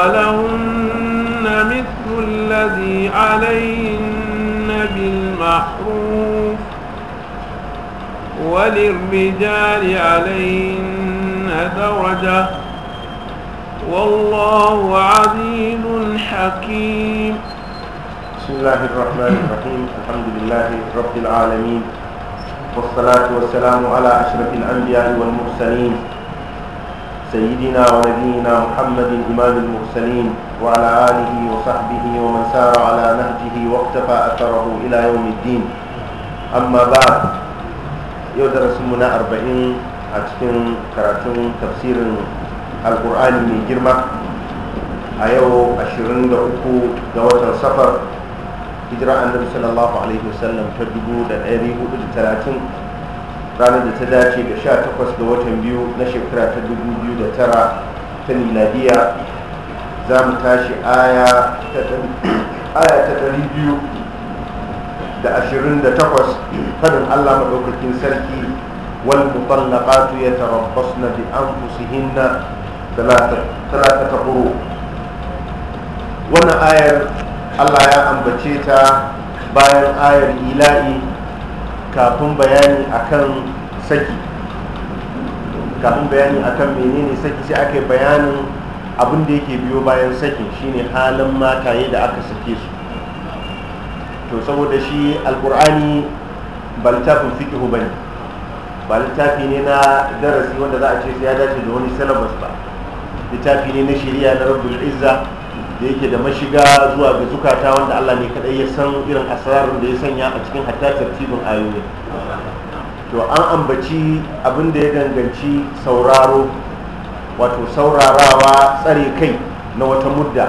ولهن مثل الذي عليهن بالمحروف وللرجال عليهن درجة والله عزيز حكيم بسم الله الرحمن الرحيم الحمد لله رب العالمين والصلاة والسلام على أشرف الأنبياء والمرسلين سيدنا ونبينا محمد إمام المرسلين وعلى آله وصحبه ومن سار على نهجه واقتفى أثره إلى يوم الدين أما بعد يدرس منا أربعين أتكن كراتون تفسير القرآن من جرمة أيو أشرين دعوكو دوة سفر هجرة النبي صلى الله عليه وسلم تدبو دعيريه دلتلاتين ranar da ta dace da 18 ga watan biyu na shekara ta 2009 ta miladiya za mu tashi aya ta 228 da fadin allah maɗaukakin sarki wal mutallaqatu na bi talata ta ƙuro wannan ayar allah ya ambace ta bayan ayar ila'i kafin bayani akan saki kafin bayani akan menene saki sai aka yi bayanin abin da yake biyo bayan sakin shine halin mataye da aka sake su to saboda shi alkur'ani ba littafin fikihu ba ne ba littafi ne na darasi wanda za a ce ya dace da wani salabas ba littafi ne na shirya na rabbul izza da yake da mashiga zuwa ga zukata wanda Allah ne kadai ya san irin asararin da ya sanya a cikin hatta tartibin ayoyi to an ambaci abin da ya danganci sauraro wato saurarawa tsare kai na wata mudda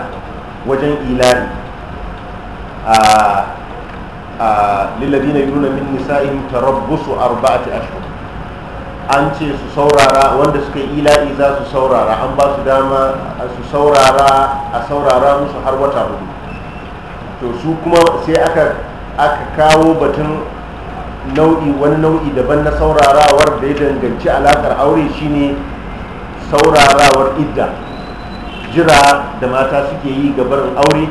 wajen ilani a yi nuna min nisa'in tarabbusu arba'ati ashu an ce su saurara wanda suka yi ila'i za su saurara an ba su dama su saurara a saurara musu har wata hudu to su kuma sai aka aka kawo batun nau'i wani nau'i daban na saurarawar da ya danganci alakar aure shine saurarawar idda jira da mata suke yi ga aure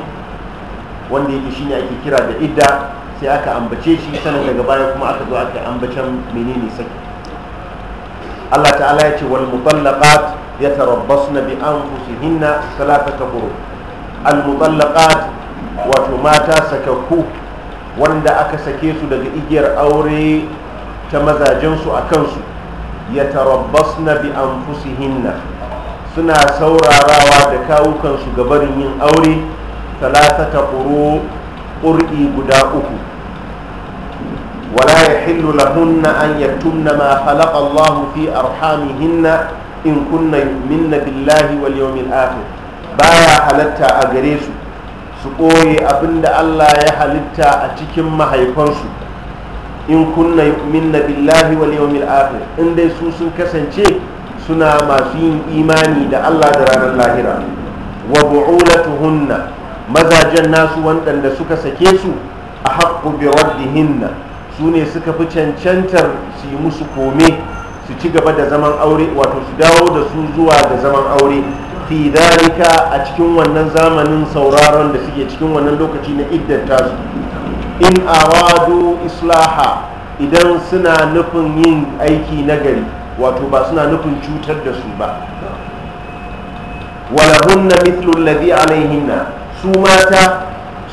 wanda yake shine ake kira da idda sai aka ambace shi sanin daga baya kuma aka zo aka ambacen menene saki Allah ta'ala ya ce wal mutallaqat yatarabbasna bi anfusihinna thalathata quru al mutallaqat wato mata sakakku wanda aka sake su daga igiyar aure ta mazajensu a kansu yatarabbasna bi anfusihinna suna saurarawa da kawukansu gabarin yin aure talatata quru qur'i guda uku ولا يحل لهن أن يكتمن ما خلق الله في أرحامهن إن كن يؤمن بالله واليوم الآخر بايا حلتا أجريس سقوي أبند الله يحلتا أتكم ما هيفنسو إن كن يؤمن بالله واليوم الآخر إن دي سوسن كسن چه سنا ما فين إيماني دا الله دران الله را وبعولتهن مزاجن الناس وانتن دا سكسكيسو أحق بردهن su ne suka fi cancantar su yi musu kome su ci gaba da zaman aure wato su dawo da su zuwa da zaman aure fi darika a cikin wannan zamanin sauraron da suke cikin wannan lokaci na iddata su in awadu islaha idan suna nufin yin aiki na gari wato ba suna nufin cutar da su ba walahunna mithlu alladhi alaihinna su mata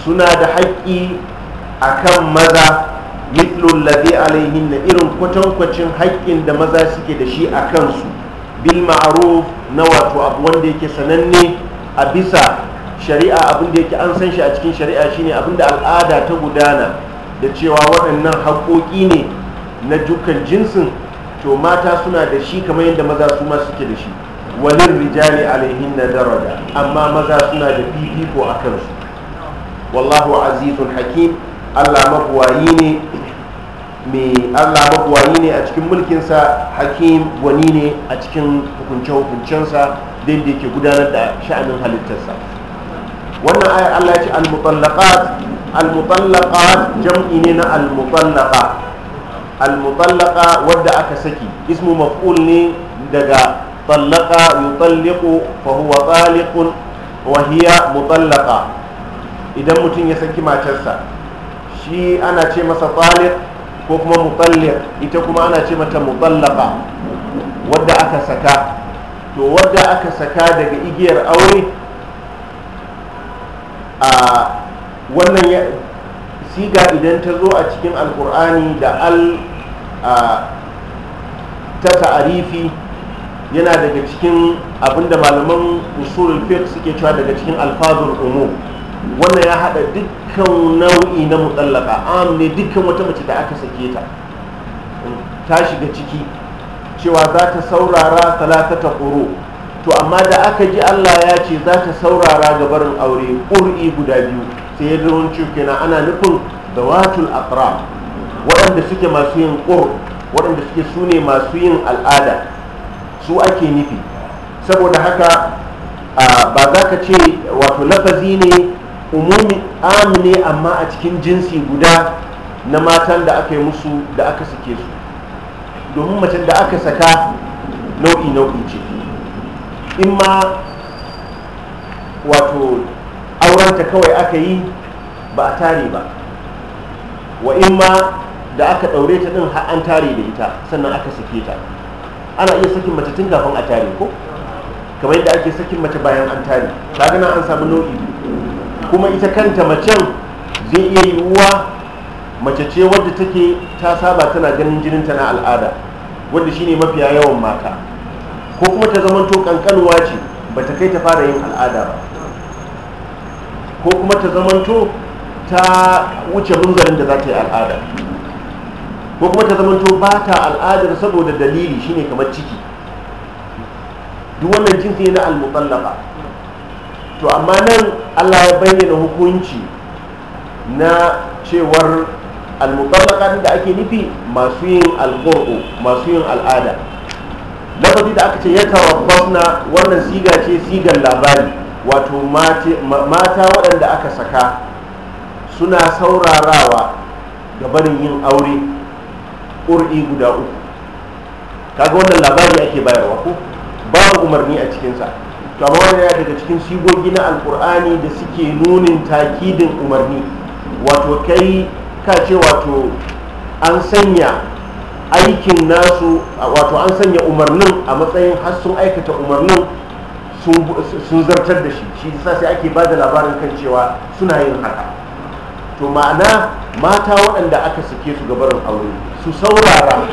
suna da haƙƙi akan maza mitlu alladhi alaihin na irin kwatankwacin haƙƙin da maza suke da shi a kansu bil ma'ruf na wato abu wanda yake sananne a bisa shari'a abin da yake an san shi a cikin shari'a shine abin da al'ada ta gudana da cewa waɗannan haƙoƙi ne na dukkan jinsin to mata suna da shi kamar yadda maza su ma suke da shi walin rijali alaihin na daraja amma maza suna da fifiko a kansu wallahu azizun hakim allah mabuwayi ne mai allah mabuwayi ne a cikin mulkinsa hakim gwani ne a cikin hukunce-hukuncensa da ke gudanar da sha'anin halittarsa wannan ayar allah ya ce al-mutallaqat jam'i ne na al-mutallaqa al-mutallaqa wadda aka saki ismu maf'ul ne daga طلق يطلق فهو طالق وهي مطلقة idan mutum ya saki matarsa shi ana ce masa talik ko kuma mutalliq ita kuma ana ce mata mutallaqa wadda aka saka to wadda aka saka daga igiyar aure a wannan siga idan ta zo a cikin alkur'ani da al ta ta'arifi yana daga cikin abinda malaman usulul fiqh suke cewa daga cikin alfazul umum wannan ya hada dukkan nau'i na mutsallaka am ne dukkan wata mace da aka sake ta ta shiga ciki cewa za ta saurara ta kuro to amma da aka ji allah ya ce za ta saurara ga barin aure ƙuri guda biyu sai ya zama kenan ana nufin da watul afra waɗanda suke masu yin ƙur waɗanda suke su ne masu yin al'ada su ake nufi saboda haka ba za ka ce wato lafazi ne umumi ne amma a cikin jinsi guda na matan da aka yi musu da aka sake su domin macen da aka saka nau'i nau'i ce in ma wato aurenta kawai aka yi ba a tare ba wa in ma da aka ɗaure ta ɗin an tare da ita sannan aka sake ta ana iya sakin mace tun kafin a tare ko kamar yadda ake sakin mace bayan an tare ta gana an samu nau'i biyu kuma ita kanta macen zai iya yiwuwa mace ce wadda take ta saba tana ganin jinin ta na al'ada wadda shine mafiya yawan mata ko kuma ta zamanto kankanuwa ce ba ta kai ta fara yin al'ada ba ko kuma ta zamanto ta wuce munzarin da za ta yi al'ada ko kuma ta zamanto ba ta al'adar saboda dalili shine kamar ciki duk wannan jinsi ne na al muqallaba to amma nan allah ya bayyana hukunci na cewar almutallakan da ake nufi masu yin alƙur'u masu yin al'ada lafazi da aka ce ya tarabbasna wannan siga ce sigar labari wato mata waɗanda aka saka suna saurarawa ga barin yin aure ƙur'i guda uku kaga wannan labari ake bayarwa ko babu umarni a cikinsa kamar wani daga cikin shigogi na alkur'ani da suke nunin takidin umarni wato kai ka ce wato an sanya aikin nasu wato an sanya umarnin a matsayin har aikata umarnin sun zartar da shi shi sa sai ake ba da labarin kan cewa suna yin haka to ma'ana mata waɗanda aka sake su gabarin aure su saurara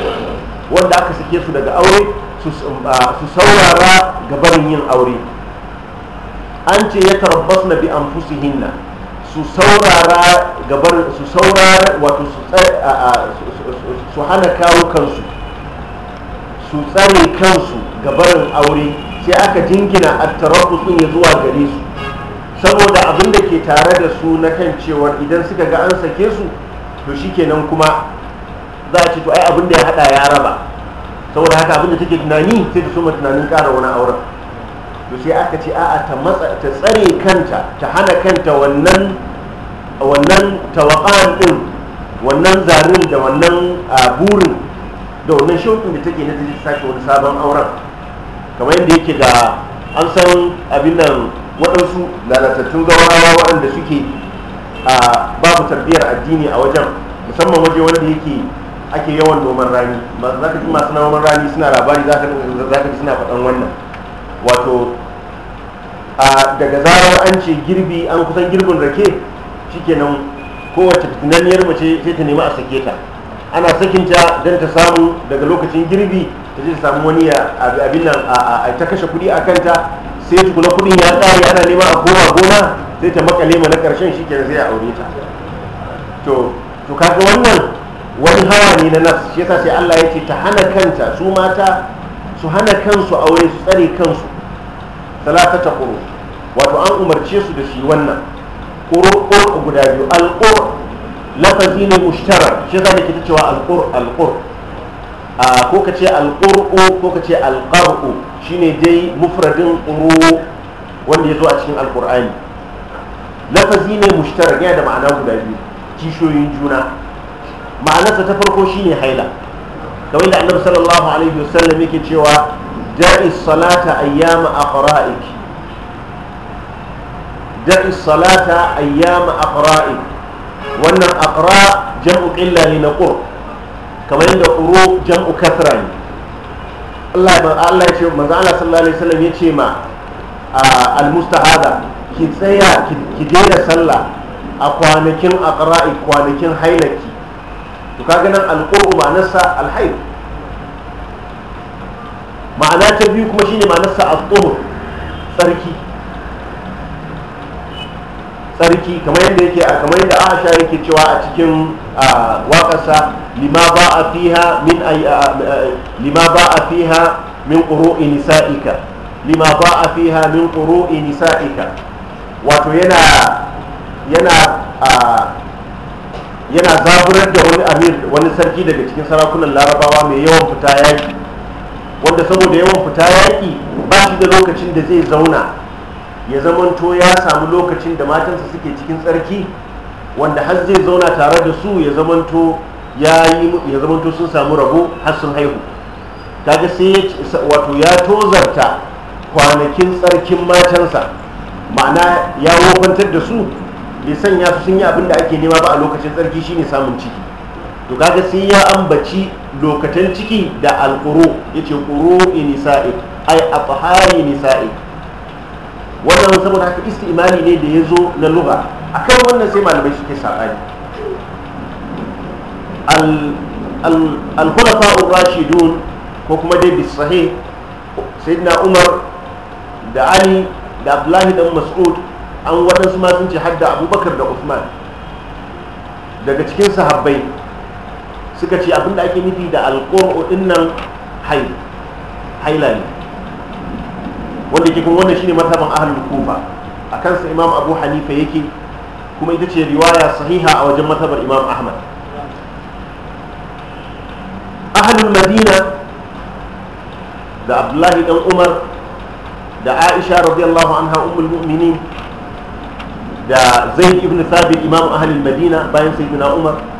wanda aka sake su daga aure su um, saurara gabarin yin aure an ce ya na bi hinna su saurara gabar su saurara wato su hana kawo kansu su tsare kansu gabarin aure sai aka jingina attarabbus ɗin ya zuwa gare su saboda abin da ke tare da su na kan cewar idan suka ga an sake su to shi kenan kuma za a ce to ai abin da ya hada ya raba saboda haka abin da take tunani sai da suma tunanin kara wani auren to sai aka ce a'a ta matsa ta tsare kanta ta hana kanta wannan wannan tawaqan din wannan zarin da wannan burin da wannan shauƙin da take na ta sake wani sabon auren kamar yadda yake da an san abin nan waɗansu lalatattun gawawa waɗanda suke babu tarbiyyar addini a wajen musamman waje wanda yake ake yawan noman rani za ka ji masu noman rani suna labari za ka ji suna faɗan wannan wato daga zarar an ce girbi an kusan girbin rake shikenan kowace tunaniyar mace sai ta nemi a sake ta ana ta don ta samu daga lokacin girbi ta ce ta samu wani abin nan a ta kashe kudi a kanta sai ta kula kudin ya ƙare ana nema a koma gona sai ta makale ma na ƙarshen shi zai sai aure ta to to kaga wannan wani hawa ne na nas shi yasa sai Allah ya ce ta hana kanta su mata su hana kansu aure su tsare kansu talatata kuro wato an umarce su da shi wannan kuro kuro guda biyu al-qur lafazi ne mushtarak shi zai kita cewa al-qur a ko ka ce al ko ka ce al-qar'u shine dai mufradin kuro wanda ya zo a cikin al'kur'ani qurani lafazi ne mushtarak yana da ma'ana guda biyu kishoyin juna ma'anarsa ta farko shine haila kawai da annabi sallallahu alaihi wasallam yake cewa da'i salata ayyama aqra'ik da'i salata ayyama wannan aqra jam'u qilla ne na qur kamar yadda quru jam'u kathra ne Allah ya ce manzo Allah sallallahu alaihi wasallam ya ce ma al-mustahada ki tsaya ki daina sallah a kwanakin aqra'i kwanakin hailaki to kaga nan al ma'anarsa al ma'ana ta biyu kuma shine ma'anarsa a tsohon tsarki tsarki kamar yadda yake a kamar yadda aisha yake cewa a cikin waƙarsa lima ba a fiha min lima ba a fiha min ƙuru'i nisa'ika lima ba a fiha min ƙuru'i nisa'ika wato yana yana yana zaburar da wani amir wani sarki daga cikin sarakunan larabawa mai yawan fita yaki wanda saboda yawan fita yaƙi ba shi da lokacin da zai zauna ya zamanto ya samu lokacin da matansa suke cikin tsarki wanda har zai zauna tare da su ya zamanto ya zamanto sun samu rabo har sun haihu kaga sai wato ya tozarta kwanakin tsarkin matansa ma'ana ya wofantar da su bai sanya su sun yi abin da ake nema ba a lokacin tsarki shine samun ciki to kaga sai ya ambaci lokatan ciki da alƙuro ya ce ƙuro nisa'i ai a fahari nisa'i wannan saboda haka imani ne da ya zo na luga kan wannan sai malamai suke saɓani al rashidun ko kuma dai sai na umar da ali da abdullahi dan mas'ud an waɗansu ma sun ce hadda abubakar da usman daga cikin sahabbai suka ce abinda ake nufi da alƙur'u dinnan haila haila ne wanda ke kuma wannan shine mazhaban ahlul kufa a kansa imam abu hanifa yake kuma ita ce riwaya sahiha a wajen mazhabar imam ahmad ahlul madina da abdullahi dan umar da aisha radiyallahu anha ummul mu'minin da zaid ibn thabit imam ahlul madina bayan sayyidina umar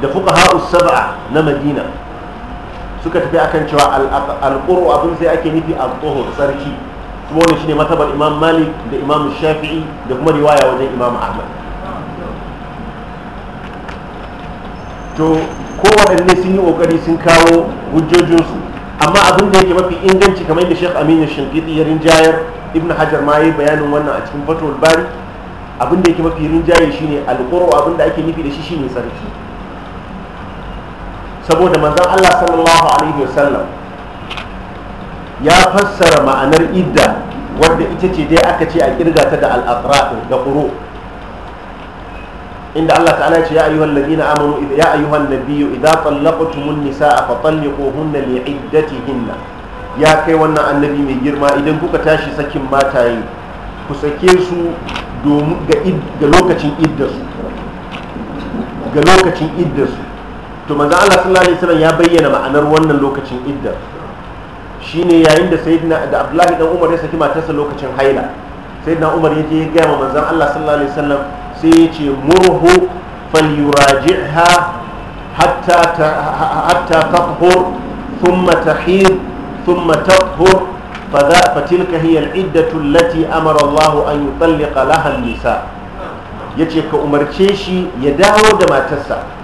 da fuka ha'us saba'a na madina suka tafi akan cewa al-qur'u abin sai ake nufi al-tuhur sarki kuma wannan shine matabar imam malik da imam shafi'i da kuma riwaya wajen imam ahmad to waɗanne sun yi ƙoƙari sun kawo hujjojinsu amma abin da yake mafi inganci kamar da shek aminu shinkiti ya rinjayar ibn hajar ma yi bayanin wannan a cikin fatuwar bari abin da yake mafi rinjaye shine alƙuro abin da ake nufi da shi shine sarki saboda manzon Allah sallallahu alaihi wasallam ya fassara ma'anar idda wadda ita ce dai aka ce a kirga ta da al da quru inda Allah ta'ala ya ce ya ayyuhal ladina amanu ya ayyuhan nabiyyu idza tallaqtumun nisaa fa talliquhunna li'iddatihinna ya kai wannan annabi mai girma idan kuka tashi sakin mataye ku sake su ga lokacin iddarsu ga lokacin to manzo Allah sallallahu alaihi wasallam ya bayyana ma'anar wannan lokacin iddar shine yayin da sayyidina da Abdullahi dan Umar ya saki matarsa lokacin haila sayyidina Umar yaje ya ga manzon Allah sallallahu alaihi wasallam sai ya ce murhu falyuraji'ha hatta hatta tahur thumma tahid thumma tahur فذا فتلك هي العدة التي أمر الله أن يطلق لها النساء يجي كأمر تشيشي يداو دما تسا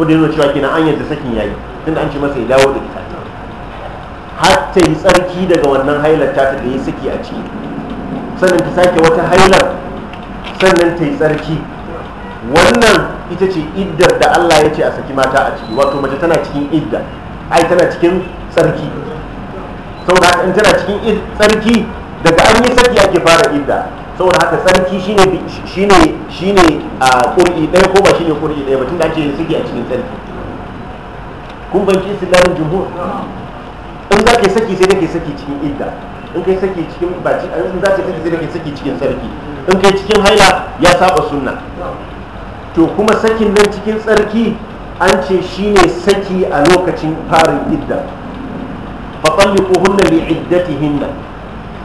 wanda yana cewa kenan an yadda sakin yayi tun an ce masa ya dawo da ita har ta yi tsarki daga wannan hailar ta da ya saki a ciki sannan ta sake wata hailar sannan ta yi tsarki wannan ita ce iddar da Allah ya ce a saki mata a ciki wato mace tana cikin idda ai tana cikin tsarki saboda in tana cikin tsarki daga an yi saki ake fara idda saboda haka tsarki shine shine shine a ƙur'i ɗaya ko ba shine ƙur'i ɗaya ba tun da ake yin saki a cikin tsarki kun ban ki istilahin jumhur in za saki sai kake saki cikin idda in kai saki cikin baci in za saki sai kake saki cikin tsarki in kai cikin haila ya saba sunna to kuma sakin nan cikin tsarki an ce shine saki a lokacin farin idda fa talliquhunna li iddatihinna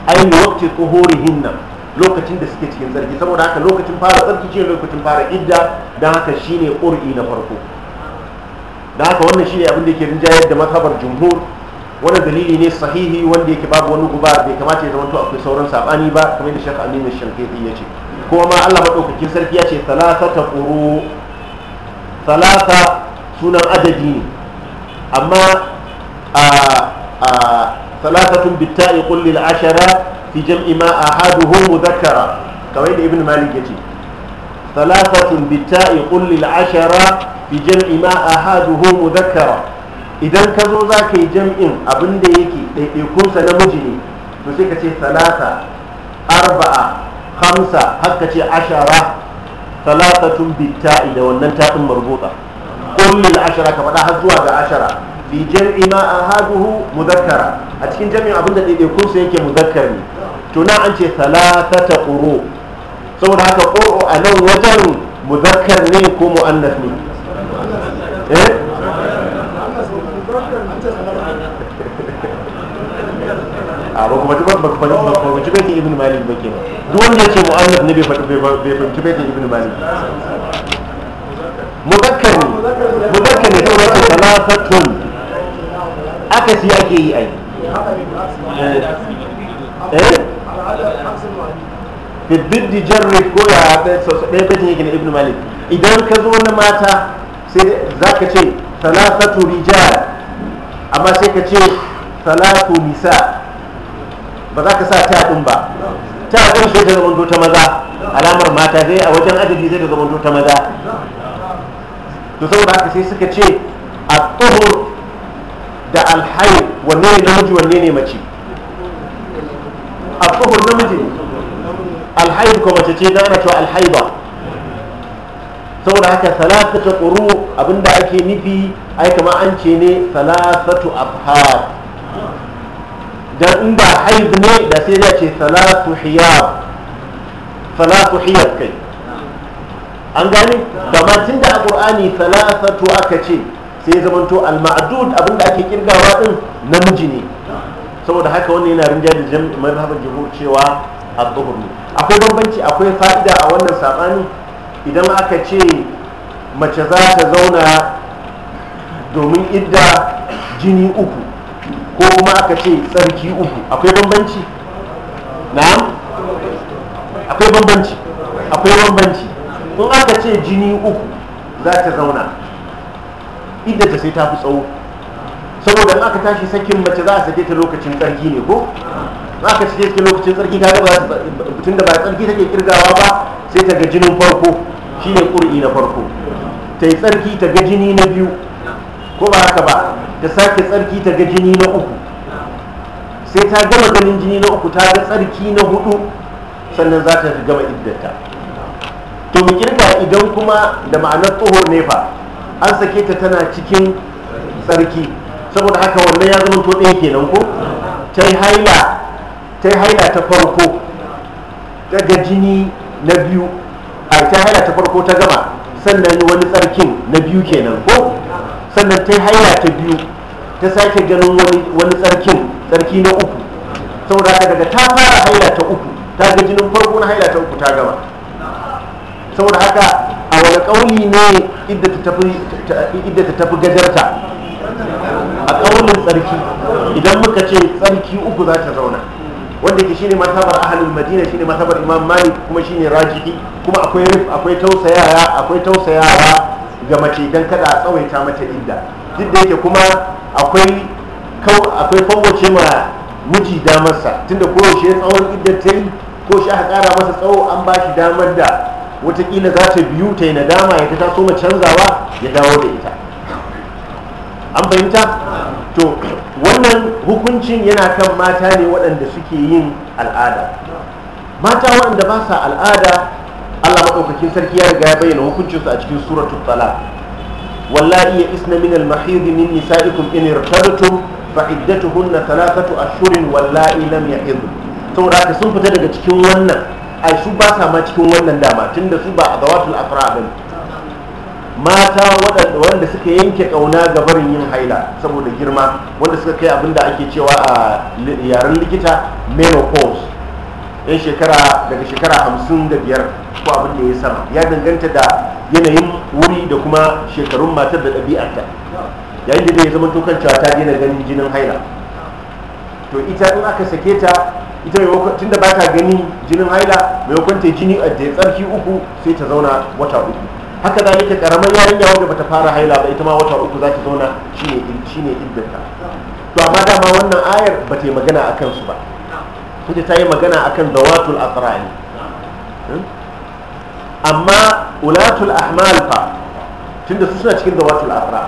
ay li waqti tuhurihinna lokacin da suke cikin tsarki saboda haka lokacin fara tsarki ce lokacin fara idda don haka shine ƙur'i na farko don haka wannan shine abin da yake rinjayar da makabar jumhur wani dalili ne sahihi wanda yake babu wani guba bai kamata ya zama to akwai sauran saɓani ba kamar da shaka aminu shankaifi ya ce kuma ma allah maɗaukakin sarki ya ce talata ta ƙuru talata sunan adadi ne amma a talatatun bitta'i kullil ashara fi jam'i ma ahaduhu mudhakkara kamar yadda ibn malik yace thalathatun bitta'i qul lil ashara fi jam'i ma a ahaduhu mudhakkara idan ka zo za ka yi jam'in abin da yake ɗaiɗaikunsa namiji ne to sai ka ce talata arba'a hamsa haka ce ashara talatatun bitta'i da wannan taɗin marbuta kullum ashara ka faɗa har zuwa ga ashara fi jam'i ma a ahaduhu mudakkara a cikin jami'in abin da ɗaiɗaikunsa yake mudakkar ne to na an ce ta quru saboda haka quru a nan wajen muzakkar ne ko muannas ne eh a ba kuma ba ba ba ba ci ibn malik ba duk wanda ya ce muannas ne bai fahimci bai ibn malik muzakkar ne muzakkar ne saboda ce ake yi ai eh bibbiddi jarrif ko ya ɗaya bajin yake na ibn malik idan ka zo na mata sai za ka ce talafatu rijal amma sai ka ce talafu nisa ba za ka sa ta ɗin ba ta ɗin sai ta zamanto ta maza alamar mata zai a wajen adadi zai ta zamanto ta maza to saboda haka sai suka ce a tsohon da alhayu wanne namiji wanne ne mace الطهر نمجي الحيض كما تتينا نتوى الحيضة saboda haka salasa ta ƙuru abinda ake nufi ai kama an ce ne salasatu afhar dan in ba haiz ne da sai da ce salatu hiyar salatu hiyar kai an gane da tun da a ƙur'ani salasatu aka ce sai zamanto al-ma'dud abinda ake kirgawa din namiji ne saboda haka wani yana rinjayar da jami'in mazhabar jihur cewa a zuhur ne akwai bambanci akwai fa'ida a wannan saɓani idan aka ce mace za ta zauna domin idda jini uku ko kuma aka ce tsarki uku akwai bambanci na'am akwai bambanci akwai bambanci in aka ce jini uku za ta zauna idda ta sai ta fi tsawo saboda in aka tashi sakin mace za a sake ta lokacin tsarki ne ko za ka sake ta lokacin tsarki ta ba tunda ba tsarki take kirgawa ba sai ta ga jinin farko shi ne ƙuri'i na farko ta yi tsarki ta ga jini na biyu ko ba haka ba ta sake tsarki ta ga jini na uku sai ta gama ganin jini na uku ta ga tsarki na hudu sannan za ta gama iddata to mu kirga idan kuma da ma'anar tsohon nefa an sake ta tana cikin tsarki saboda haka wannan ya zama to ɗaya kenan ko ta haila ta haila ta farko ta ga jini na biyu a ta haila ta farko ta gama sannan wani tsarkin na biyu kenan ko sannan ta haila ta biyu ta sake ganin wani tsarkin tsarki na uku saboda haka daga ta fara haila ta uku ta ga jinin farko na haila ta uku ta gama saboda haka a wani kauli ne idda ta tafi gajarta a ƙaunin tsarki idan muka ce tsarki uku za ta zauna wanda ke ne matabar ahalin madina ne matabar imam mali kuma ne rajiki kuma akwai akwai tausayawa akwai tausayawa ga mace don kada a tsawaita mata idda duk da yake kuma akwai akwai ma miji damarsa tunda koyaushe tsawon iddar ta yi ko shi aka kara masa tsawo an ba shi damar da watakila za ta biyu ta yi nadama ya ta taso ma canzawa ya dawo da ita an fahimta to wannan hukuncin yana kan mata ne waɗanda suke yin al'ada mata waɗanda ba sa al'ada allah maɗaukakin sarki ya riga ya bayyana hukuncinsu a cikin suratul tuttala wallahi ya isna min al-mahidi min nisa'ikum in irtabtum fa iddatuhunna thalathatu ashhurin wallahi lam yahidhu saboda haka sun fita daga cikin wannan ai su ba sa ma cikin wannan dama tunda su ba a zawatul afra bane mata wanda suka yanke ƙauna ga barin yin haila saboda girma wanda suka kai abinda ake cewa a yaren likita menopause yan shekara daga shekara hamsin da biyar ko abin da ya sama ya danganta da yanayin wuri da kuma shekarun matar da ɗabi'arta yayin da ya zama tokan cewa ta daina ganin jinin haila to ita in aka sake ta ita tun da ba ta gani jinin haila maimakon ta jini a tsarki uku sai ta zauna wata uku haka zalika karamar yarinya wanda bata fara haila ba ita ma wata uku za ta zauna shine shine iddata to amma dama wannan ayar ba ta yi magana a kansu ba ita ta yi magana akan dawatul aqrani hmm? amma ulatul ahmal fa tunda su suna cikin dawatul aqra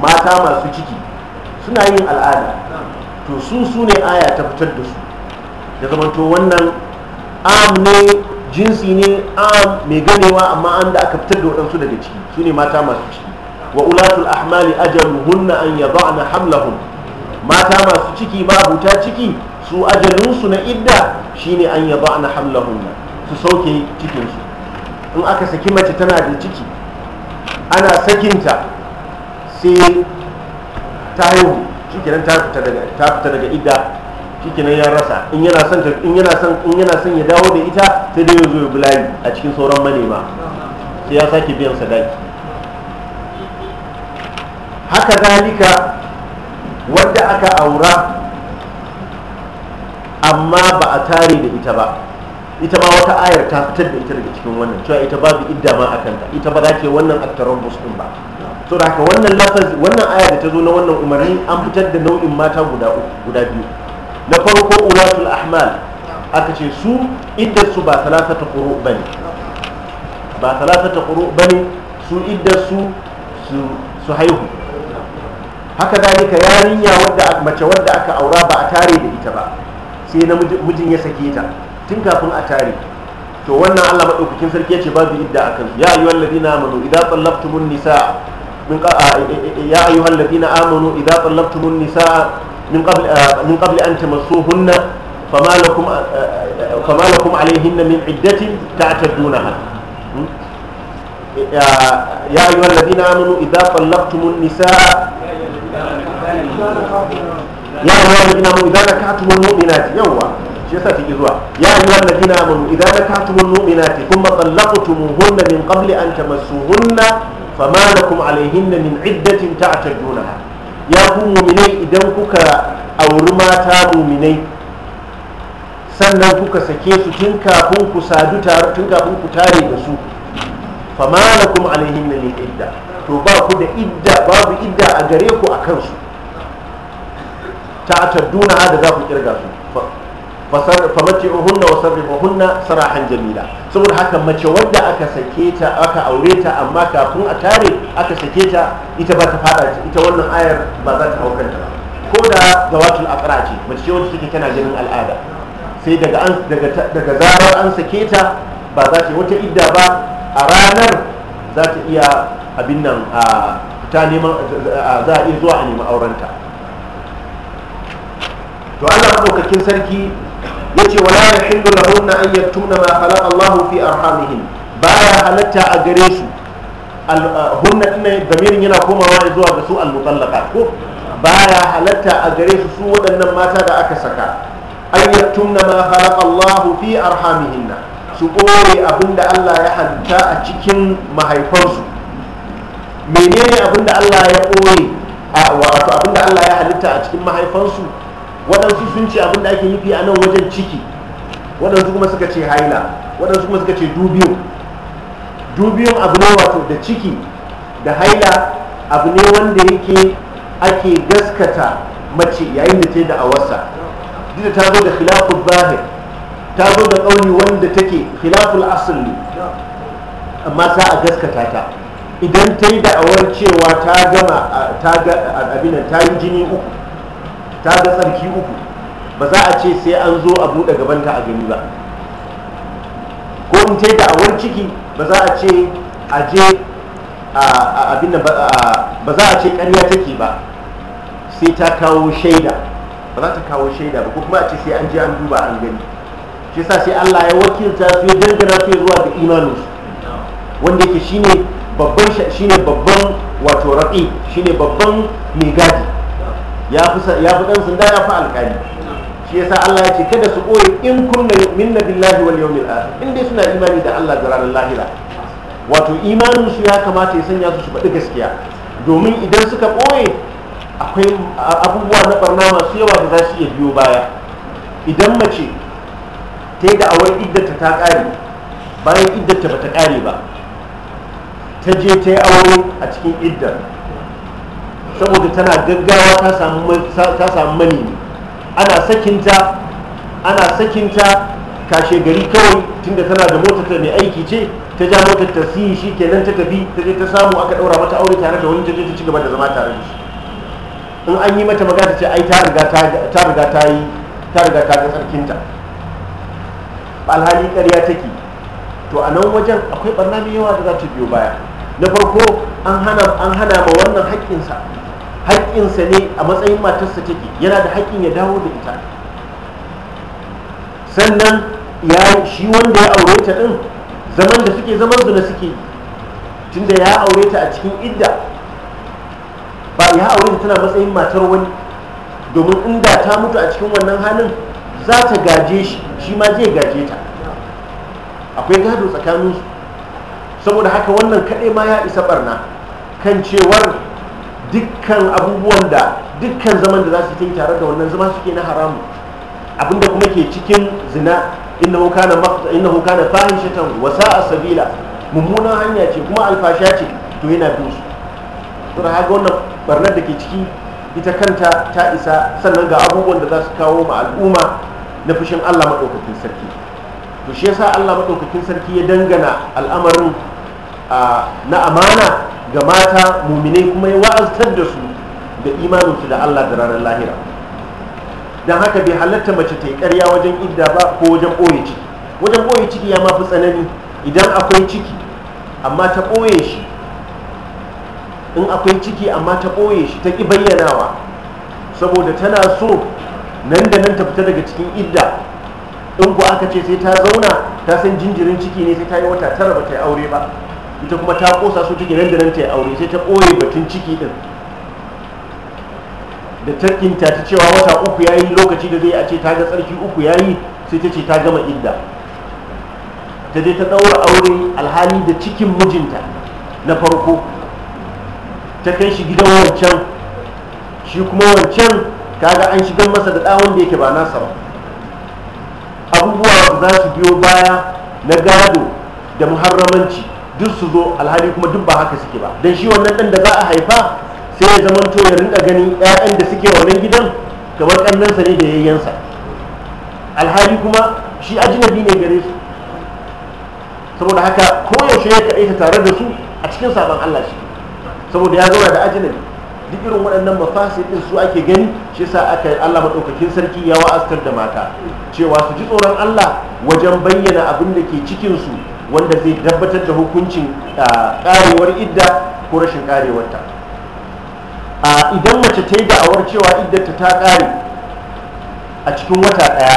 mata masu ciki suna yin al'ada to su su ne aya ta fitar da su ya zamanto wannan am ne jinsi ne a mai ganewa amma an da aka fitar da waɗansu daga ciki su ne mata masu ciki wa ulatul ahmali ajaluhunna an hamla hamlahum mata masu ciki ba buta ciki su ajalinsu na idda shi ne an hamla hunna su sauke cikinsu in aka saki mace tana da ciki ana sakinta sai ta haihu shi ta fita daga idda shikenan ya rasa in yana son in yana son in yana son ya dawo da ita sai dai yazo ya bulayi a cikin sauran manema sai ya sake biyan sadaki haka zalika wanda aka aura amma ba a tare da ita ba ita ma wata ayar ta fitar da ita daga cikin wannan cewa ita babu idda ma akan ta ita ba za ke wannan aktaron bus ba to da haka wannan lafaz wannan aya da ta zo na wannan umarni an fitar da nau'in mata guda uku guda biyu na farko uratul ahmal aka ce su iddarsu ba talatata quru bane ba talatata quru bane su iddarsu su haihu haka dalika yarinya wadda mace wadda aka aura ba a tare da ita ba sai na mijin ya sake ta tun kafin a tare to wannan Allah madaukakin sarki ya ce babu idda akan su ya ayyuhal ladina amanu idza tallaqtumun nisaa e, e, e, ya ayyuhal ladina amanu idza tallaqtumun nisaa من قبل آه، من قبل أن تمسوهن فما لكم آه، آه، فما لكم عليهن من عدة تعتدونها يا أيها الذين آمنوا إذا طلقتم النساء يا أيها الذين آمنوا إذا نكحتم المؤمنات يوا يا أيها الذين آمنوا إذا نكحتم المؤمنات ثم طلقتموهن من قبل أن تمسوهن فما لكم عليهن من عدة تعتدونها ya ku muminai idan kuka auri mata muminai sannan kuka sake su tun kafin ku sadu tare tun kafin ku tare da su fama lakum na min idda to ba ku da idda babu idda a gare ku a kansu ta tadduna da za ku kirga su famace'uhunna wa sarrifuhunna sarahan jamila saboda haka mace wadda aka sake ta aka aure ta amma kafin a tare aka sake ta ita ba ta fada ita wannan ayar ba za ta hau kanta ba ko da zawatul aqra ce mace ce wadda take tana jinin al'ada sai daga an daga daga zarar an sake ta ba za ta wata idda ba a ranar za ta iya abin nan a ta neman za a iya zuwa a nemi aurenta to Allah maɗaukakin sarki yace wala yahillu lahunna an yaktumna ma khalaqa Allah fi arhamihin baya halatta a gare su uh, hunna dinnan damirin yana komawa zuwa ga su al-mutallaqat ko baya halatta a gare su su waɗannan mata da aka saka an yaktumna ma khalaqa Allah fi arhamihinna su koyi abinda Allah ya halitta a cikin mahaifansu menene abinda Allah ya wato Allah ya halitta a cikin mahaifansu waɗansu sun ce abin da ake nufi a nan wajen ciki waɗansu kuma suka ce haila waɗansu kuma suka ce dubiyo dubiyun abu ne wato da ciki da haila abu ne wanda yake ake gaskata mace yayin da ta yi da awarsa ta zo da khilaful zahir ta zo da ƙauni wanda take khilaful asl ne amma za a gaskata ta idan ta yi da'awar cewa ta gama a ta yi jini uku ta ga tsarki uku ba za a ce sai an zo a buɗe gabanta a gani ba ko in ta yi awar ciki ba za a ce a je abin da ba za a ce ƙarya take ba sai ta kawo shaida ba za ta kawo shaida ba ko kuma a ce sai an je an duba an gani shi sa sai Allah ya wakilta su ya dangana su zuwa ga imaninsu wanda yake shine babban shine babban wato shi shine babban mai gadi ya fi ɗansu da ya fi alƙali shi yasa Allah ya ce kada su ɓoye in kunna minna billahi wal yawmil akhir in dai suna imani da Allah da ranar lahira wato imanin su ya kamata ya sanya su su faɗi gaskiya domin idan suka ɓoye akwai abubuwa na barna masu yawa da za su iya biyo baya idan mace ta yi da awar iddata ta ƙare bayan iddata ba ta ƙare ba ta je ta yi aure a cikin iddar saboda tana gaggawa ta samu mani ana sakinta ana sakinta kashe gari kawai tunda tana da motar mai aiki ce ta ja motar ta siyi shi nan ta tafi ta je ta samu aka daura mata aure tare da wani ta je ta ci gaba da zama tare da shi in an yi mata magana ce ai ta riga ta yi ta riga ta ga alhali ƙarya take to a nan wajen akwai barna yawa da za ta biyo baya na farko an hana ma wannan haƙƙinsa haƙƙinsa ne a matsayin matarsa take yana da haƙƙin ya dawo da ita sannan ya shi wanda ya aure ta ɗin zaman da suke zaman zuna suke yi tunda ya aure ta a cikin idda ba ya aure ta tana matsayin matar wani domin inda ta mutu a cikin wannan halin za ta gaje shi shi ma zai gaje ta akwai gado tsakaninsu saboda haka wannan kaɗai ma ya isa barna kan cewar dukkan abubuwan da dukkan zaman da za su yi tare da wannan zama suke na haramu abinda kuma ke cikin zina innahu kana innahu kana fahishatan wa sa'a sabila mummunan hanya ce kuma alfasha ce to yana bin su to da haka wannan barnar da ke ciki ita kanta ta isa sannan ga abubuwan da za su kawo ma al'umma na fushin Allah madaukakin sarki to shi yasa Allah madaukakin sarki ya dangana al'amarin na amana ga mata muminai kuma ya wa'azitar da su da imaninsu da Allah da ranar lahira don haka bai halatta mace ta yi karya wajen idda ba ko wajen ɓoye ciki wajen ɓoye ciki ya mafi tsanani idan akwai ciki amma ta ɓoye shi in akwai ciki amma ta ɓoye shi ta ƙi bayyanawa saboda tana so nan da nan ta fita daga cikin idda in ku aka ce sai ta zauna ta san jinjirin ciki ne sai ta yi wata tara ba ta yi aure ba ita kuma ta kosa su take nan da nan ta yi aure sai ta ɓoye batun ciki ɗin da tarkinta ta cewa wata uku ya yi lokaci da zai a ce ta ga tsarki uku ya yi sai ta ce ta gama idda ta je ta ɗaura aure alhali da cikin mijinta na farko ta kai shi gidan wancan shi kuma wancan ta ga an shigar masa da ɗawon da yake ba nasa ba abubuwa da za su biyo baya na gado da muharramanci duk su zo alhali kuma duk ba haka suke ba don shi wannan ɗan da za a haifa sai ya zama to ya rinka gani 'ya'yan da suke wannan gidan kamar sa ne da yayyansa alhali kuma shi biyu ne gare su saboda haka koyaushe ya kaɗaita tare da su a cikin sabon allah shi saboda ya zauna da ajinabi duk irin waɗannan mafasi ɗin su ake gani shi sa aka yi Allah maɗaukakin sarki ya wa'azkar da mata cewa su ji tsoron Allah wajen bayyana abin da ke cikinsu wanda zai tabbatar da hukuncin karewar idda ko rashin karewarta idan mace ta yi da'awar cewa iddata ta kare a cikin wata daya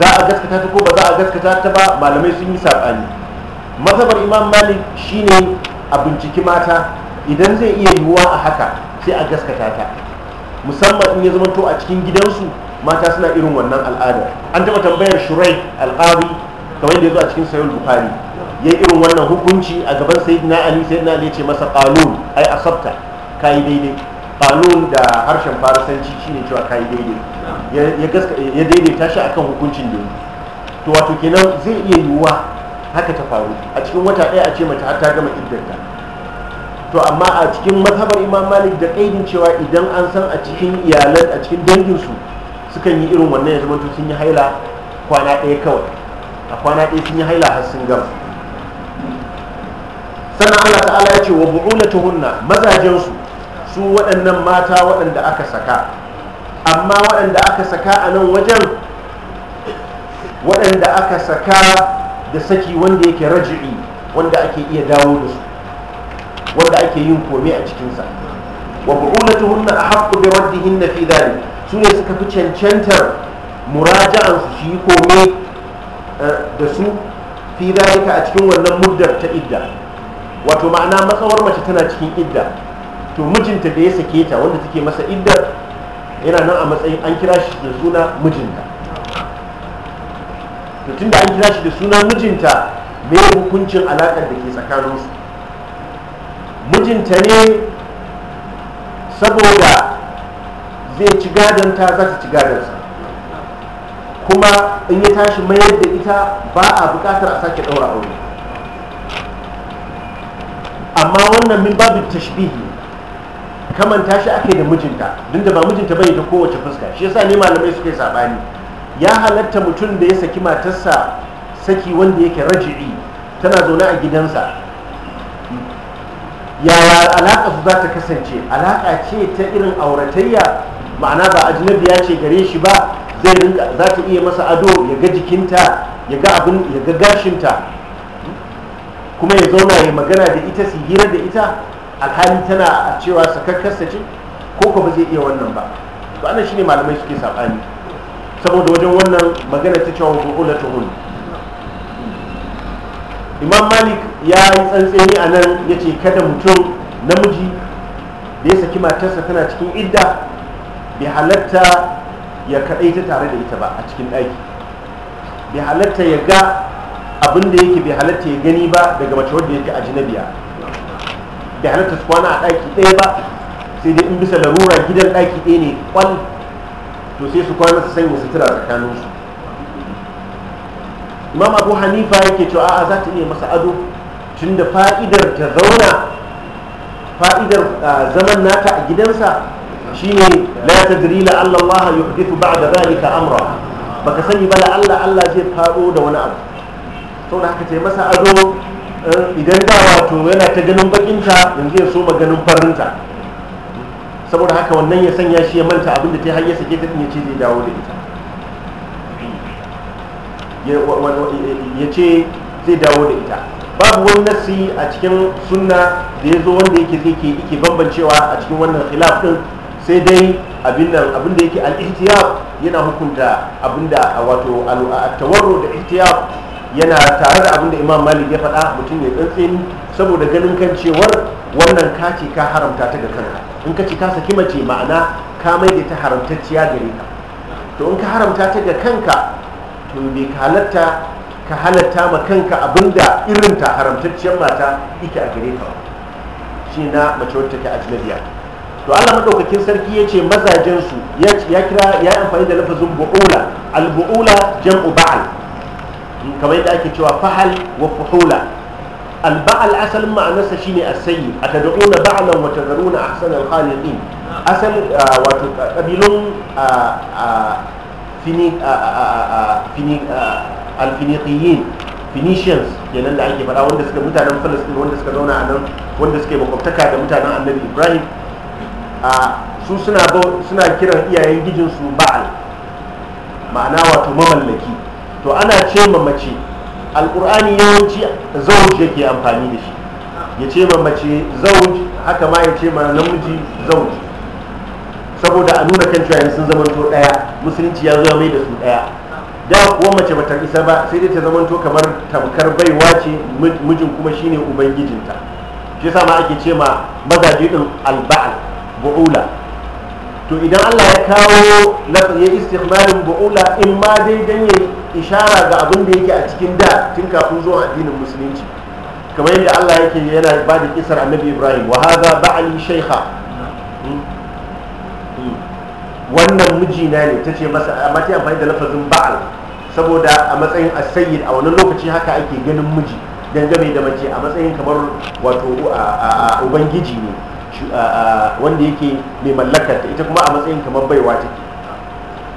za a gaskata ta ko ba za a gaskata ta ba malamai sun yi saɓani mazhabar imam malik shine a binciki mata idan zai iya yiwuwa a haka sai a gaskata ta musamman in ya zama to a cikin gidansu mata suna irin wannan al'adar an taɓa tambayar shurai al'adu. kamar da ya zo a cikin sayar bukari ya yi irin wannan hukunci a gaban sayyidina ali sayyidina ali ya ce masa kanun ai asabta ka yi daidai kanun da harshen farasanci shine cewa ka yi daidai ya daidaita shi akan hukuncin da yi to wato kenan zai iya yiwuwa haka ta faru a cikin wata ɗaya a ce mace har ta gama iddarta to amma a cikin mazhabar imam malik da kaidin cewa idan an san a cikin iyalan a cikin danginsu sukan yi irin wannan ya zama sun yi haila kwana ɗaya kawai a kwana ɗaya sun yi haila har sun gama sannan allah ta'ala ya ce wa tuhunna mazajensu su waɗannan mata waɗanda aka saka amma waɗanda aka saka a nan wajen waɗanda aka saka da saki wanda yake raji'i wanda ake iya dawo da su wanda ake yin kome a cikinsa wa bu'ulatuhunna ahaqqu bi na fi dhalik su ne suka fi cancantar murajaansu su yi kome Eh, da su fi zalika a cikin wannan muddar ta idda wato ma'ana matsawar mace tana cikin idda to mijinta da ya sake ta wanda take masa iddar yana nan a matsayin an kira shi da suna mijinta to tunda an kira shi da suna mijinta me hukuncin alakar da ke tsakaninsu mijinta ne saboda zai ci gadon ta za ta ci sa. kuma in ya tashi mayar da ita ba a bukatar a sake ɗaura aure amma wannan min babu tashbihi kamanta shi ake da mijinta duk da ba mijinta bai ta kowace fuska shi yasa ne malamai suke sabani ya halatta mutum da ya saki matarsa saki wanda yake raji'i tana zaune a gidansa yaya alaƙa su za ta kasance alaƙa ce ta irin auratayya ma'ana ba ajnabiya ce gare shi ba zai rinka za ta iya masa ado ya ga jikinta ya ga abin ya ga gashinta kuma ya zauna ya magana da ita su hira da ita alhali tana a cewa sakakkarsa ce ko ba zai iya wannan ba to ana shine malamai suke sabani saboda wajen wannan magana ta cewa gugula ta hun imam malik ya yi tsantseni a nan ya ce kada mutum namiji da ya saki matarsa tana cikin idda bai halatta ya kaɗai ta tare da ita ba a cikin ɗaki bai halatta ya ga abin da yake bai halatta ya gani ba daga mace wadda yake ajinabiya bai halatta su kwana a ɗaki ɗaya ba sai dai in bisa larura gidan ɗaki ɗaya ne kwal to sai su kwana su sanya sutura tsakaninsu imam abu hanifa yake cewa a'a za ta iya masa ado tunda fa'idar ta zauna fa'idar ah, zaman nata a gidansa shine la tadri la alla Allah yuhdithu ba'da dhalika amra baka sani ba la Allah Allah zai faro da wani abu saboda haka ce masa azo eh, idan da wato yana ta ganin bakinta yanzu ya so ganin farinta saboda haka wannan ya sanya shi ya manta abinda ta hanyar sake ta ya ce zai dawo da ita ya ce zai dawo da ita babu wani nasi a cikin sunna da ya zo wanda yake zai ke ike bambancewa a cikin wannan khilaf din sai dai abin nan abin da yake al-ihtiyab yana hukunta abin da wato al tawarru da ihtiyab yana tare da abin da Imam Malik ya faɗa mutum ya tsantsin saboda ganin kan cewar wannan kaci ka haramta ta ga kanka in ka ci ka saki mace ma'ana ka mai da ta haramtacciya gare ka to in ka haramta ta ga kanka to bai ka halatta ka halatta ma kanka abin da irin ta haramtacciyar mata ita a gare ka shi na mace wadda take ajnabiya to Allah maɗaukakin sarki ya ce mazajen su ya kira ya amfani da lafazin bu'ula al-bu'ula jam'u ba'al kamar yadda ake cewa fahal wa fuhula al-ba'al asalin ma'anarsa shine asayi sayyi atad'una ba'lan wa tadruna ahsana al-khaliqin asal wato kabilun al-finiqiyin phoenicians kenan da ake fara wanda suka mutanen palestine wanda suka zauna a nan wanda suke makwabtaka da mutanen annabi ibrahim su suna kiran iyayen gijinsu ba'al ma'ana wato mamallaki to ana ce ma mace alkur'ani yawanci zauj yake amfani da shi ya ce ma mace zauj haka ma ya ce ma namiji zauj saboda a nuna kan cewa sun zamanto daya musulunci ya zama mai da su daya da kuwa mace bata isa ba sai dai ta zamanto kamar tamkar baiwa ce mijin kuma shine ubangijinta shi yasa ma ake ce ma mazaje din alba'al bu'ula to idan Allah ya kawo ya istikmalin bu'ula in ma dai dan ya ishara ga abin da yake a cikin da tun kafin zuwa addinin musulunci kamar yadda Allah yake yana ba da kisar annabi Ibrahim wa hadha ba'ali shaykha hmm. Hmm. wannan mijina ne tace masa amma ta amfani da lafazin ba'al saboda a matsayin as-sayyid a wani lokaci haka ake ganin miji dangane da mace a matsayin kamar wato ubangiji ne wanda yake mai mallakar ta ita kuma a matsayin kamar baiwa take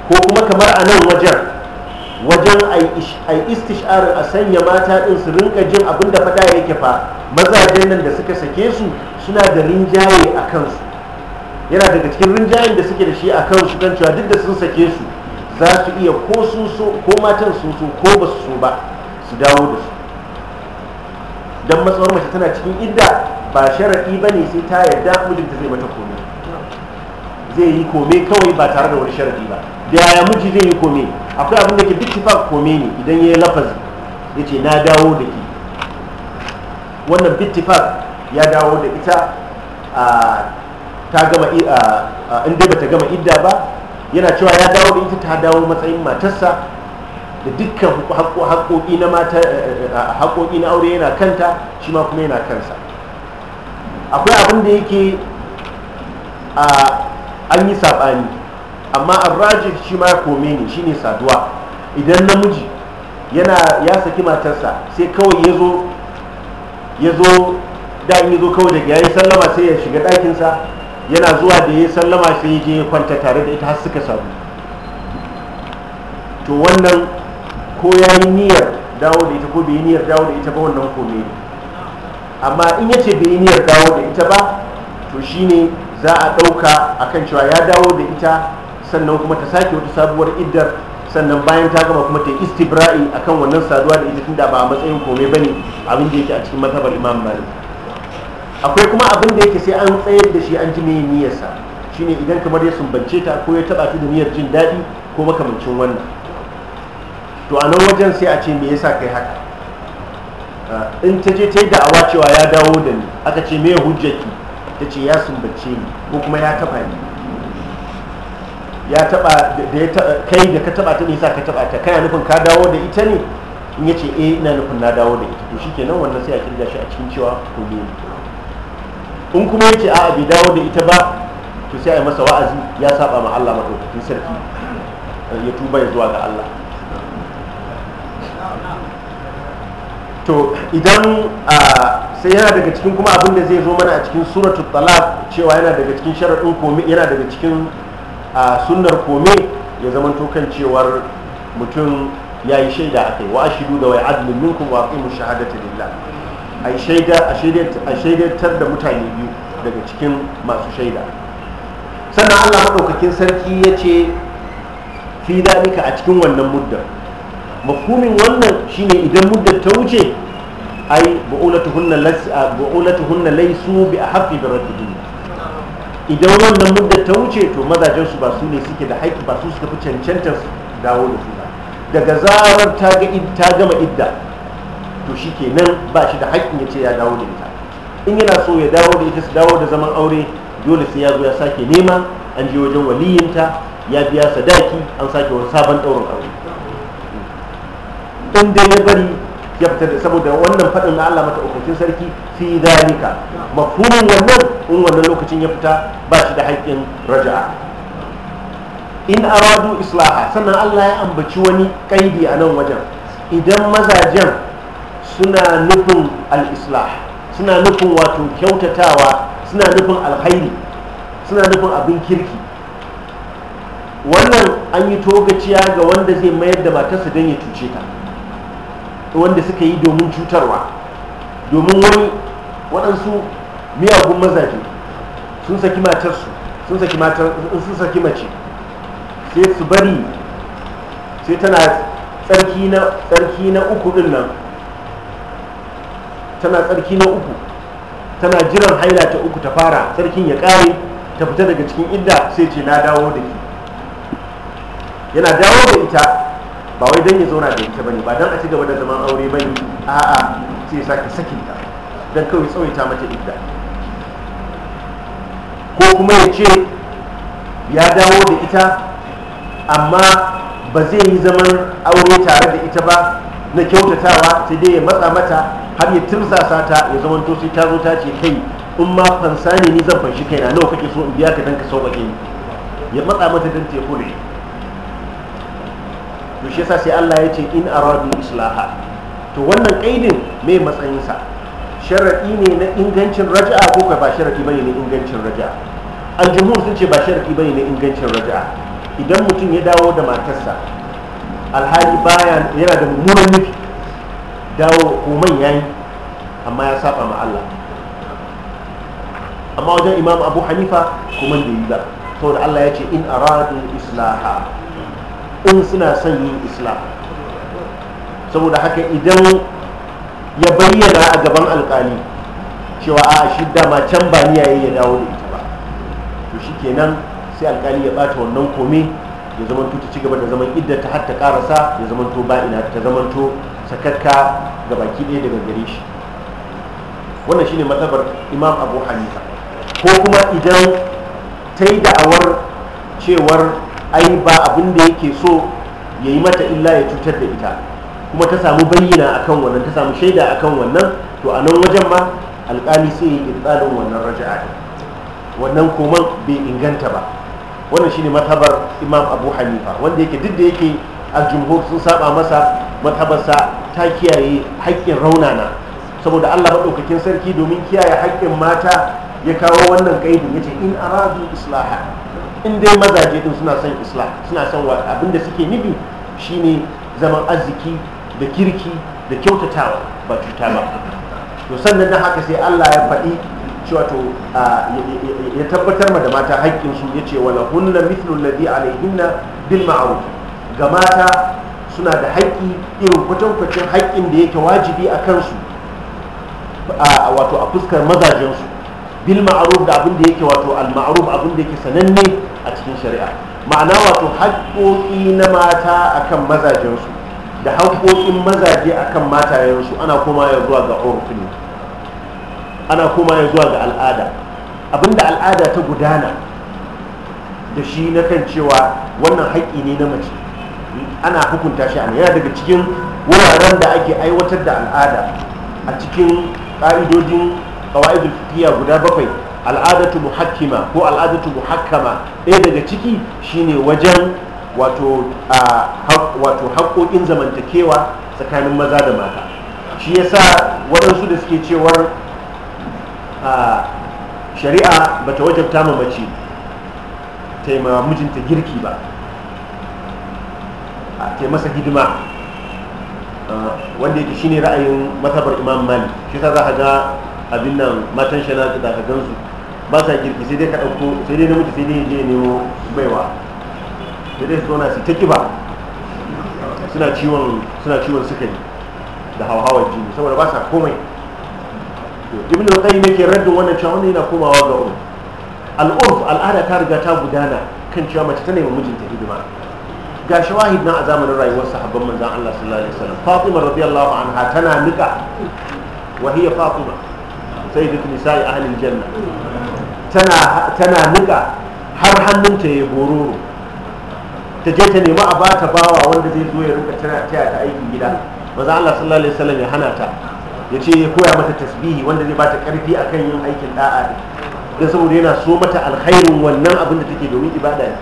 ko kuma kamar a nan wajen wajen a yi istisharin a sanya mata ɗin su rinka jin abin da faɗa yake fa mazajen nan da suka sake su suna da rinjaye a kansu yana daga cikin rinjayen da suke da shi a kansu kan cewa duk da sun sake su za su iya ko sun so ko matan sun so ko ba su so ba su dawo da su don matsawar mace tana cikin idda ba sharaɗi ba ne sai ta yarda mijinta zai mata komai zai yi komai kawai ba tare da wani sharaɗi ba da yaya miji zai yi komai akwai abin da ke duk tifak komai ne idan ya yi lafazi ya ce na dawo da ke wannan bittifak ya dawo da ita ta gama in dai bata gama idda ba yana cewa ya dawo da ita ta dawo matsayin matarsa da dukkan eh, eh, eh, haƙoƙi na aure yana kanta shi ma kuma yana kansa akwai abin da yake an yi saɓani amma arraji shi ma kome ne shi ne saduwa idan namiji yana ya saki matarsa sai kawai ya zo da in ya zo kawai daga yayi sallama sai ya shiga ɗakinsa yana zuwa da ya sallama sai ya je ya kwanta tare da ita har suka sadu to wannan ko ya yi niyyar dawo da ita ko bai yi niyyar dawo da ita ba wannan kome ne amma in yace bai yi niyyar dawo da ita ba to shine za a ɗauka akan cewa ya dawo da ita sannan kuma ta sake wata sabuwar iddar sannan bayan ta gama kuma ta yi istibra'i akan wannan saduwa da ita tunda ba a matsayin komai bane abin da yake a cikin mazhabar imam malik akwai kuma abin da yake sai an tsayar da shi an ji meye niyyarsa shine idan kamar ya sumbance ta ko ya taba ta da niyyar jin daɗi ko makamancin wannan to a nan wajen sai a ce me yasa kai haka in ta je ta yi da'awa cewa ya dawo da ni aka ce me hujjaki ta ce ya sumbace ni ko kuma ya taba ni ya taba da ya kai da ka taba ta nisa ka taba ta kana nufin ka dawo da ita ne in ya ce eh ina nufin na dawo da ita to shikenan wannan sai a kirga shi a cikin cewa ko ne in kuma ya ce a'a bai dawo da ita ba to sai a yi masa wa'azi ya saba ma Allah madaukakin sarki ya tuba ya zuwa ga Allah to idan sai yana daga cikin kuma abin da zai zo mana a cikin suratu talaq cewa yana daga cikin sharaɗin kome yana daga cikin sunnar kome ya zama kan cewar mutum ya yi shaida a kai wa ashidu da wai adlin minkum wa aqimu shahadata lillah a a shaidatar da mutane biyu daga cikin masu shaida sannan Allah madaukakin sarki ya ce fi dalika a cikin wannan muddan Mukumin wannan shine idan muddar ta wuce ai bu'ulatuhunna laysu bi ahqqi bi raddihim idan wannan muddar ta wuce to mazajen su ba su ne suke da haƙƙi ba su suka fi cancanta su dawo da su daga zarar ta ga ta gama idda to shikenan ba shi da haƙƙin ya ce ya dawo da ita in yana so ya dawo da ita su dawo da zaman aure dole sai ya zo ya sake nema an je wajen waliyinta ya biya sadaki an sake wani sabon ɗaurin aure kan dai ya bari ya fitar da saboda wannan faɗin na Allah mata ofishin sarki fi dalika mafhumin wannan in wannan lokacin ya fita ba shi da haƙƙin raja'a in aradu islaha sannan Allah ya ambaci wani kaidi a nan wajen idan mazajen suna nufin al-islah suna nufin wato kyautatawa suna nufin alkhairi suna nufin abin kirki wannan an yi togaciya ga wanda zai mayar da matarsa don ya cuce ta wanda suka yi domin cutarwa domin wani waɗansu miyagun mazaje sun saki matarsu sun saki mace sai su bari sai tana tsarki na tsarki na uku din nan tana tsarki na uku tana jiran haila ta uku ta fara tsarkin ya kare ta fita daga cikin idda sai ce na dawo da ki yana dawo da ita ba wai don ya zauna da ita bane ba don a ci gaba da zaman aure bane a'a sai sake sakin ta don kawai tsawaita mata idda ko kuma ya ce ya dawo da ita amma ba zai yi zaman aure tare da ita ba na kyautatawa sai dai ya matsa mata har ya tirsasa ta ya zama to sai ta zo ta ce kai in ma fansa ne ni zan fanshi kaina nawa kake so in biya ka dan ka sauƙaƙe ya matsa mata dan teku ne to shi yasa sai Allah ya ce in aradu islaha to wannan kaidin me matsayin sa sharadi ne na ingancin raja'a ko ba sharadi bane na ingancin raja'a aljumhur sun ce ba sharadi bane na ingancin raja'a idan mutum ya dawo da matarsa alhali baya yana da mummunan nufi dawo komai yayi amma ya saba ma Allah amma wajen imam abu hanifa kuma da yi ba saboda Allah ya ce in aradu islaha in suna son yin islam saboda haka idan ya bayyana a gaban alkali cewa a shi dama can ba ni yayi ya dawo da ita ba to shikenan sai alkali ya bata wannan kome ya zamanto ta ci gaba da zaman idda ta har karasa ya to ba ina ta to sakakka ga baki ɗaya daga gare shi wannan shine matsabar imam abu hanifa ko kuma idan ta yi da'awar cewar ai ba abin da yake so ya yi mata illa ya cutar da ita kuma ta samu bayyana akan wannan ta samu shaida akan wannan to a nan wajen ma alƙali sai ya ƙirƙalin wannan raja'a wannan koman bai inganta ba wannan shine matabar imam abu hanifa wanda yake duk da yake aljumhur sun saba masa matabarsa ta kiyaye haƙƙin raunana saboda allah maɗaukakin sarki domin kiyaye haƙƙin mata ya kawo wannan ƙaidin ya ce in aradu islaha in dai mazaje din suna son islam suna son abin da suke nufi shine zaman arziki da kirki da kyautatawa ba cuta ba to sannan da haka sai allah ya faɗi cewa to ya tabbatar ma da mata su ya ce wala hunna mithlu alladhi alaihinna bil ma'ruf ga mata suna da haƙƙi irin kwatankwacin haƙƙin da yake wajibi a kansu wato a fuskar mazajensu bil ma'ruf da abin da yake wato al ma'ruf abin da yake sananne a cikin shari'a ma'ana wato haƙƙoƙi na mata akan mazajensu da haƙƙoƙin mazaje akan matayensu ana koma ya zuwa ga orfini ana koma ya zuwa ga al'ada abinda al'ada ta gudana da shi na kan cewa wannan haƙƙi ne na mace ana hukunta shi a yana daga cikin wuraren da ake aiwatar da al'ada a cikin ƙa'idodin qawaidul fiqhiyya guda bakwai al'adatu muhakkima ko al'adatu muhakkama ɗaya daga ciki shine wajen wato wato haƙoƙin zamantakewa tsakanin maza da mata shi yasa waɗansu da suke cewar shari'a bata wajabta ma mace taima mijinta girki ba ta masa hidima wanda yake shine ra'ayin masabar imam malik shi ta za ga abin nan matan shana da ka gansu ba sa girki sai dai ka ɗauko sai dai namiji sai dai je nemo baiwa sai dai su zauna su ta kiba suna ciwon suna ciwon sukari da hauhawar jini saboda ba sa komai ibn al-qayyim yake raddin wannan cewa wannan yana komawa ga urf al-urf al'ada ta riga ta gudana kan cewa mace ta nemi mijinta hidima ga shawahid na a zamanin rayuwar sahabban manzon Allah sallallahu alaihi wasallam Fatima radiyallahu anha tana nika wa hiya Fatima sayyidat nisa'i janna tana tana nika har hannunta ya bororo ta je ta nemi a ba ta bawa wanda zai zo ya rika tana taya ta aikin gida maza Allah sallallahu alaihi wasallam ya hana ta ya ce ya koya mata tasbihi wanda zai bata karfi akan yin aikin da'a da saboda yana so mata alkhairin wannan abin da take domin ibada ne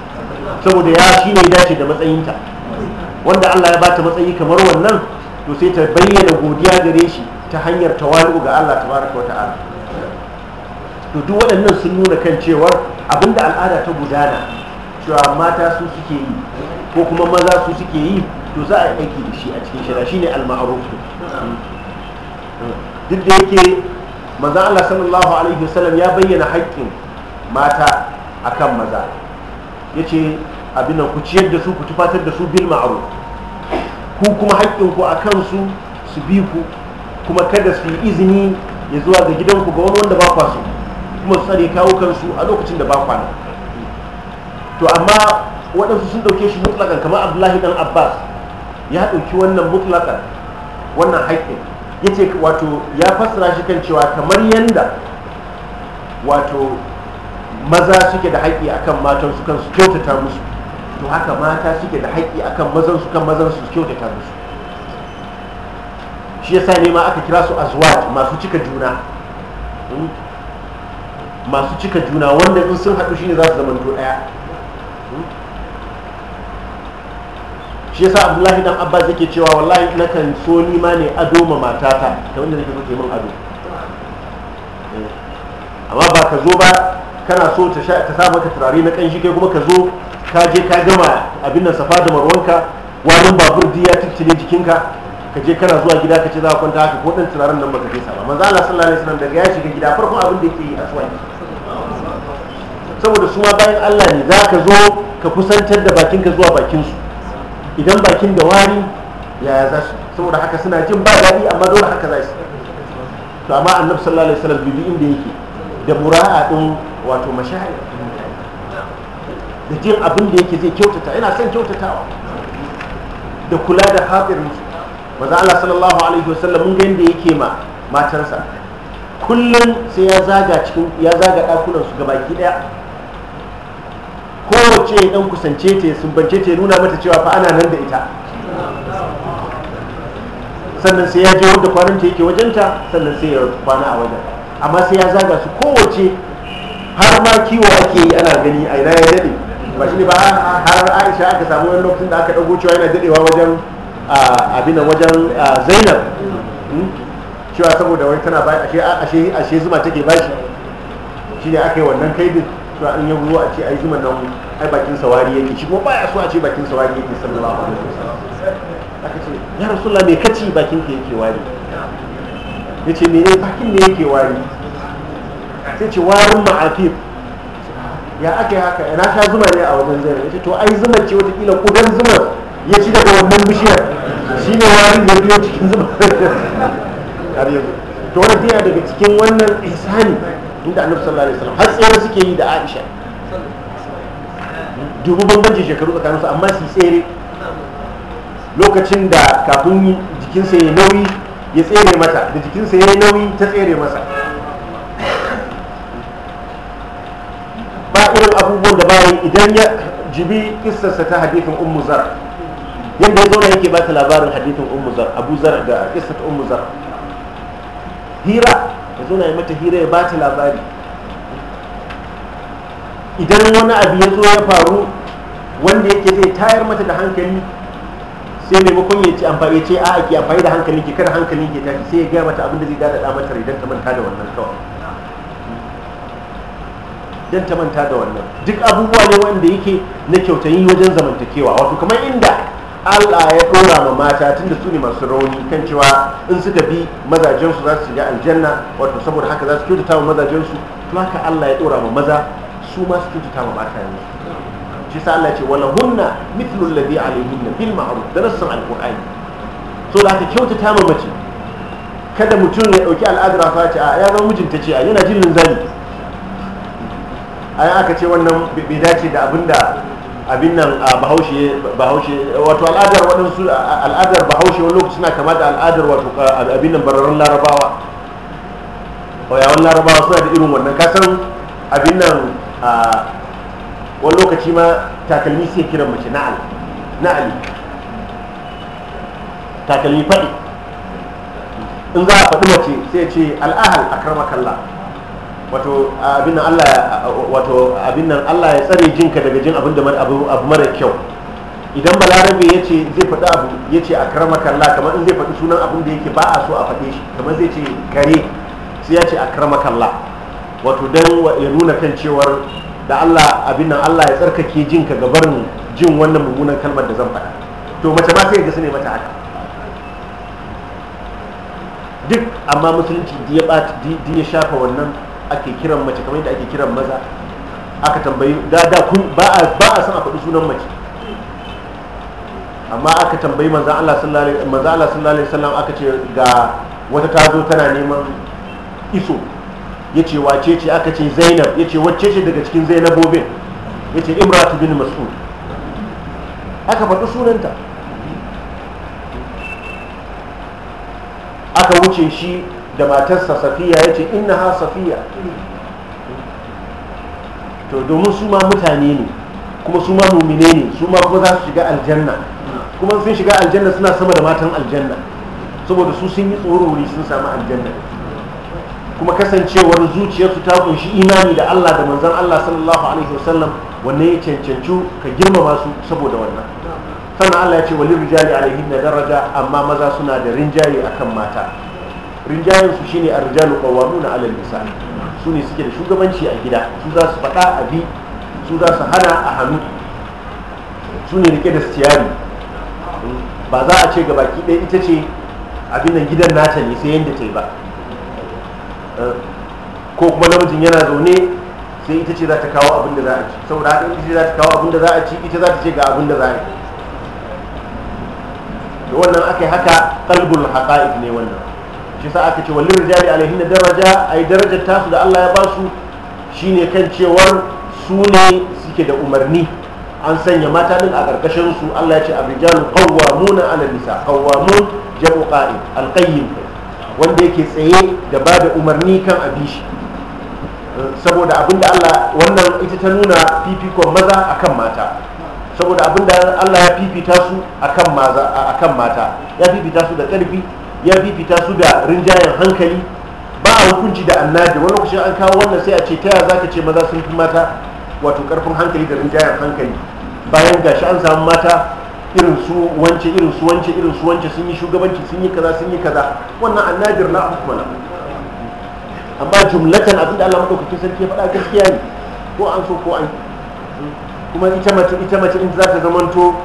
saboda ya shi ne dace da matsayinta wanda Allah ya bata matsayi kamar wannan to sai ta bayyana godiya gare shi ta hanyar tawali'u ga Allah tabaraka wa ta'ala to duk waɗannan sun nuna kan cewar abinda al'ada ta gudana cewa mata su suke yi ko kuma maza su suke yi to za a yi aiki da shi a cikin shari'a shine al-ma'ruf duk da yake manzo Allah sallallahu alaihi wasallam ya bayyana haƙƙin mata akan maza yace abin nan ku ciyar da su ku tufatar da su bil ma'ruf ku kuma haƙƙin ku akan su su bi ku kuma kada su yi izini ya zuwa ga gidanku ga wani wanda ba kwa su kuma su tsare kawo kansu a lokacin da ba kwa nan to amma waɗansu sun ɗauke shi mutlakan kamar abdullahi dan abbas ya ɗauki wannan mutlakan wannan haƙƙin ya ce wato ya fassara shi kan cewa kamar yanda wato maza suke da haƙƙi akan matan su kan su kyautata musu to haka mata suke da haƙƙi akan mazan su kan mazan su kyautata musu shi yasa ne ma aka kira su azwaj masu cika juna hmm? masu cika juna wanda in sun haɗu shine za su to ɗaya hmm? shi yasa abdullahi dan abbas yake cewa wallahi kan so ni ma ne ado ma matata ta wanda nake so min ado eh. amma ba ka zo ba kana so ta samu ka turare na kanshi kai kuma ka zo ka je ka gama abin nan safa da marwanka wani babur ya tittile jikinka ka je kana zuwa gida ka ce za a kwanta haka ko dan turaren nan baka fesa ba manzo Allah sallallahu alaihi wasallam daga ya shiga gida farkon abin da yake yi a aswaki saboda su ma bayan Allah ne za ka zo ka kusantar da bakin ka zuwa bakin su idan bakin da wari yaya za su saboda haka suna jin ba daɗi amma dole haka za su to amma annabi sallallahu alaihi wasallam bibi inda yake da mura'a din wato mashahir da jin abin da yake zai kyautata yana son kyautatawa da kula da haɗirin su maza Allah sallallahu alaihi sallam mun ga yanda yake ma matansa kullum sai ya zaga cikin ya zaga dakunan su gabaki daya kowace ya dan kusance ta ya sumbance ta ya nuna mata cewa fa ana nan da ita sannan sai ya je wanda kwanan ta yake wajenta sannan sai ya kwana a wajen amma sai ya zaga su kowace har ma kiwo ake yi ana gani a ina ya daɗe ba shi ne ba har aisha aka samu wani lokacin da aka ɗago cewa yana daɗewa wajen abin nan wajen zainab hmm? cewa saboda wani tana bai ashe ashe zuma take bashi shi ne aka yi wannan kaibin cewa an yi ruwa a ce ai zuma nan ai bakin sawari yake shi ba baya so a ce bakin sawari yake sallallahu alaihi wasallam aka ce ya rasulullah me kaci bakin ka yake wari yace me ne bakin ne yake wari sai ce warin ma'afif ya aka yi haka ina ta zuma ne a wajen zainab yace to ai zuma ce wata kila kudan zuma ya ci daga wannan bishiyar shi ne wani ya biyo cikin zuba har yanzu to wani biya daga cikin wannan ihsani inda annabi sallallahu alaihi wasallam har tsere suke yi da aisha dubu bambanci shekaru tsakanin su amma su tsere lokacin da kafin jikinsa ya nauyi ya tsere mata da jikinsa ya nauyi ta tsere masa ba irin abubuwan da bayan idan ya jibi kissarsa ta hadithin ummu zara yadda ya zauna yake baka labarin hadithin ummu zar abu zar da ta ummu zar hira ya zauna ya mata hira ya bata labari idan wani abu ya zo ya faru wanda yake zai tayar mata da hankali sai maimakon ya ce amfani ce a ake amfani da hankali ke kada hankali ke tafi sai ya gaya mata abin da zai dada mata idan ta manta da wannan kawai idan ta manta da wannan duk abubuwa ne wanda yake na kyautayi wajen zamantakewa wato kamar inda Allah ya ɗora ma mata tun da su ne masu rauni kan cewa in suka bi mazajensu za su shiga aljanna wato saboda haka za su kyautata wa mazajensu to haka Allah ya ɗora ma maza su ma su kyautata ma mata ne shi sa Allah ce wala hunna mithlu alladhi alayhinna bil ma'ruf da nassan alqur'ani so da ka kyautata ma mace kada mutum ya dauki al'adara fa ce a ya zama mijinta ce a yana jin linzali ai aka ce wannan bai dace da abinda abin nan bahaushe bahaushe wato al'adar waɗansu al'adar bahaushe wani lokaci suna kama da al'adar wato abin nan bararren larabawa yawan larabawa suna da irin wannan kasan abin nan wani lokaci ma takalmi sai kiran mace na'al na'ali takalmi faɗi in za a faɗi mace sai ce al'ahal a Allah wato abin nan Allah wato abin nan Allah ya tsare jinka daga jin abin da abu mara kyau idan balarabe ya ce zai faɗi abu ya ce a karama kalla kamar in zai faɗi sunan abin da yake ba a so a faɗe shi kamar zai ce kare sai ya ce a karama kalla wato don ya nuna kan cewar da Allah abin nan Allah ya tsarkake jinka ga barin jin wannan mummunan kalmar da zan faɗa to mace ma sai ya ga su ne mata haka duk amma musulunci ya shafa wannan ake kiran mace kamar yadda ake kiran maza aka tambayi da da kun ba a ba a san a faɗi sunan mace amma aka tambayi manzan Allah sallallahu alaihi Allah sallallahu alaihi wasallam aka ce ga wata ta zo tana neman iso yace wace ce aka ce Zainab yace wace ce daga cikin Zainabobin yace Imratu bin Mas'ud aka faɗi sunanta aka wuce shi da matarsa safiya ya ce ina ha safiya to domin su ma mutane ne kuma su ma mumine ne su ma kuma za su shiga aljanna kuma sun shiga aljanna suna sama da matan aljanna saboda su sun yi tsorori sun samu aljanna kuma kasancewar zuciyarsu ta kunshi imani da Allah da manzan Allah sallallahu alaihi wasallam wannan ya cancancu ka girmama su saboda wannan sannan Allah ya ce wali rijali na daraja amma maza suna da rinjaye akan mata rinjayen su shine arjalu qawwamuna 'ala nisa su ne suke da shugabanci a gida su za su faɗa a bi su za su hana a hannu su ne rike da stiyari ba za a ce ga baki ɗaya ita ce abin nan gidan nata ne sai yadda ta yi ba ko kuma namijin yana zaune sai ita ce za ta kawo abin da za a ci saboda haɗin ita ce za ta kawo abin da za a ci ita za ta ce ga abin da za a yi da wannan aka yi haka kalbul haƙa'id ne wannan shi sa aka ce wallin rijali alaihin da daraja a yi darajar tasu da allah ya ba su shine kan cewar su ne suke da umarni an sanya mata din a ƙarƙashin su allah ya ce abrijalu qawwamuna ala nisa qawwamun jabu qa'id alqayyim wanda yake tsaye da ba da umarni kan abishi saboda abinda allah wannan ita ta nuna fifikon maza akan mata saboda abinda Allah ya fifita su akan maza akan mata ya fifita su da karfi ya fifita su da rinjayen hankali ba a hukunci da annabi wani lokacin an kawo wannan sai a ce ta yaya zaka ce maza sun fi mata wato karfin hankali da rinjayen hankali bayan gashi an samu mata irin su wance irin su wance irin su wance sun yi shugabanci sun yi kaza sun yi kaza wannan annadir na hukumana amma jumlatan abin da Allah madaukakin sarki ya faɗa gaskiya ne ko an so ko an kuma ita mace ita mace in za ta zamanto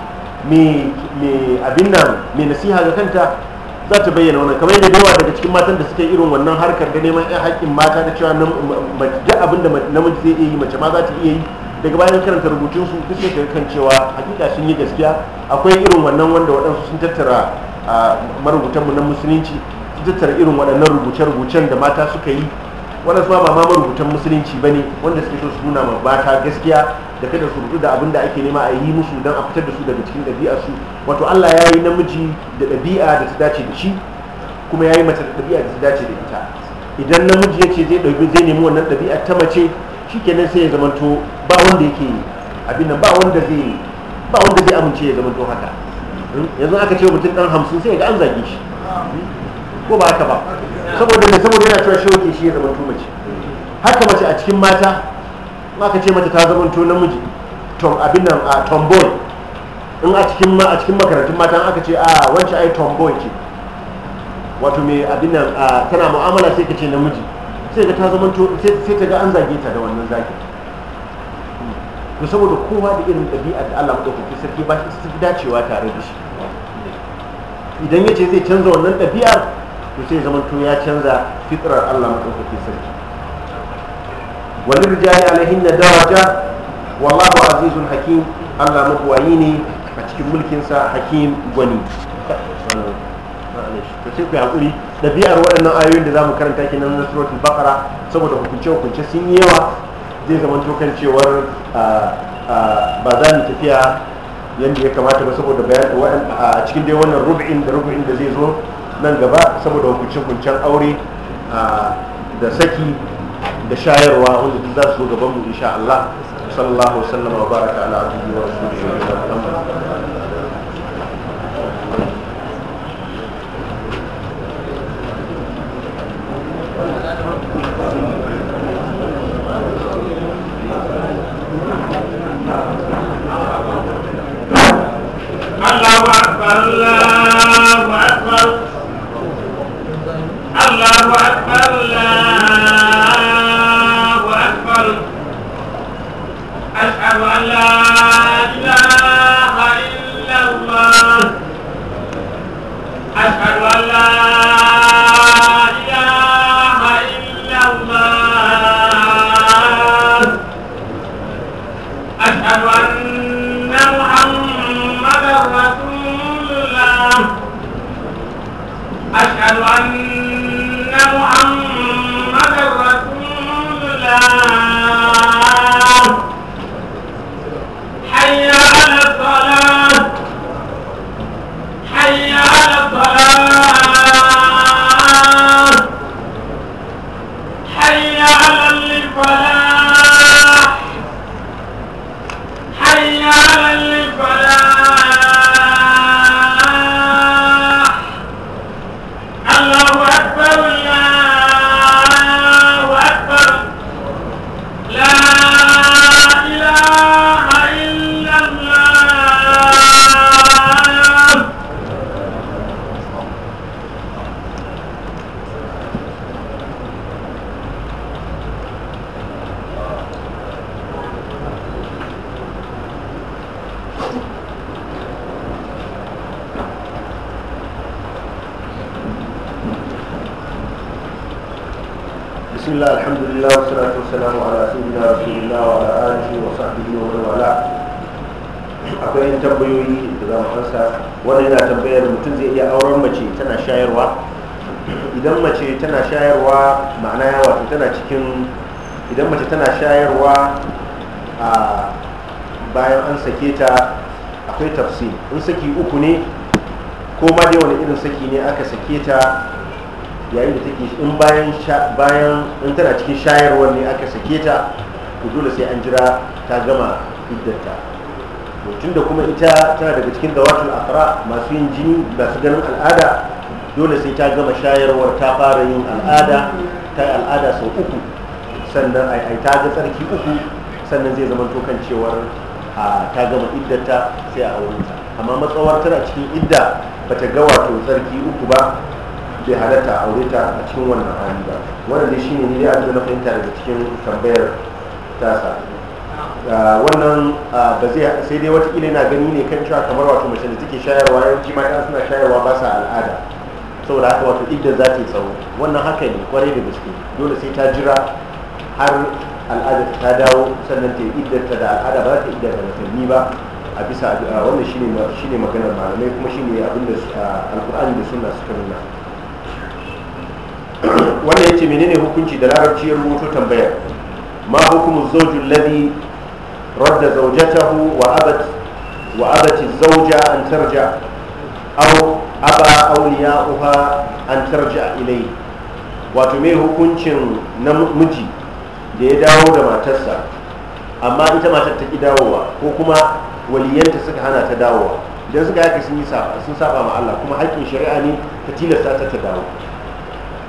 me me abin nan me nasiha ga kanta za ta bayyana wannan kamar yadda yawa daga cikin matan da suke irin wannan harkar da neman yan haƙƙin mata da cewa duk abin da namiji zai iya yi mace ma za ta iya yi daga bayan karanta rubutun su duk sai kan cewa hakika sun yi gaskiya akwai irin wannan wanda waɗansu sun tattara marubutan mu na musulunci sun tattara irin waɗannan rubuce-rubucen da mata suka yi wannan su ba ma marubutan musulunci ba ne wanda suke so su nuna ma mata gaskiya da kada su rubuta da abin da ake nema a yi musu don a fitar da su daga cikin ɗabi'arsu. su wato Allah ya yi namiji da ɗabi'a da ta dace da shi kuma ya yi mace da ɗabi'a da ta dace da ita idan namiji ya ce zai ɗauki zai nemi wannan ɗabi'a ta mace shi kenan sai ya zamanto ba wanda yake abin nan ba wanda zai ba wanda zai amince ya zamanto haka hmm? yanzu aka ce mutum ɗan hamsin sai ga an zage shi ko ba haka ba saboda da saboda yana cewa shauke shi ya zamanto mace haka mace a cikin mata ka ce mata ta zamanto namiji tom abin nan a tomboy in a cikin a cikin makarantun matan aka ce a ah, wance ai tomboy ce wato mai abin nan ah, tana mu'amala sai ka ce namiji sai ka ta zama sai ta ga an zage ta da wannan zage to saboda kowa da irin ɗabi'a da Allah madaukaki sarki ba shi su dacewa tare da shi idan ya ce zai canza wannan ɗabi'a to sai zama to ya canza fitrar Allah madaukaki sarki wani rijali alaihin na daraja wallahu azizun hakim Allah mabuwayi ne cikin mulkinsa hakim gwani ta ce ku hakuri biyar waɗannan ayoyin da za mu karanta ke nan suratul baqara saboda hukunce-hukunce sun yi yawa zai zama tokan cewar ba za mu tafiya yadda ya kamata ba saboda bayan a cikin dai wannan rub'in da rub'in da zai zo nan gaba saboda hukunce-hukuncen aure da saki da shayarwa wanda duk za su zo gaban mu insha Allah sallallahu alaihi wa sallam wa baraka ala abdihi wa rasulihi bismillah alhamdulillah wa wala akwai tambayoyi da tambayar mutum zai iya auren mace tana shayarwa idan mace tana shayarwa ma'ana ya wato tana cikin idan mace tana shayarwa bayan an sake ta akwai tafsir in saki uku ne ko ma dai wani irin saki ne aka sake ta yayin da take in bayan bayan in tana cikin shayarwar ne aka sake ta to dole sai an jira ta gama iddarta to tunda kuma ita tana daga cikin dawatul aqra masu yin jini masu ganin al'ada dole sai ta gama shayarwar ta fara yin al'ada ta al'ada sau uku sannan ai ta ga tsarki uku sannan zai zama to kan cewar ta gama iddarta sai a aure ta amma matsawar tana cikin idda bata ga wato tsarki uku ba bai halatta a aure ta a cikin wannan hali ba wannan dai shine ne a zo na fahimta daga cikin tambayar tasa ah, wannan ah, ba zai sai dai watakila yana gani ne kan cewa kamar wato mace da take shayarwa yawanci mata suna shayarwa ba sa al'ada saboda haka wato idda za ta yi tsawo wannan haka ne kwarai da gaske dole sai ta jira har al'ada ta dawo sannan ta yi iddar ta da al'ada ba za ta iddar da watanni ba a bisa ah, wannan shine maganar malamai kuma shine abinda alkur'ani da sunna suka nuna wanda ya ce menene hukunci da larabciyar ya rubuto tambayar ma hukumu zaujin ladhi radda zawjatahu wa abat wa abati zawja an tarja aw aba awliya'uha an tarja ilayhi wato me hukuncin na miji da ya dawo da matarsa amma ita matar ta ki dawowa ko kuma waliyanta suka hana ta dawowa idan suka yaka sun saba ma Allah kuma haƙƙin shari'a ne ta tilasta ta ta dawo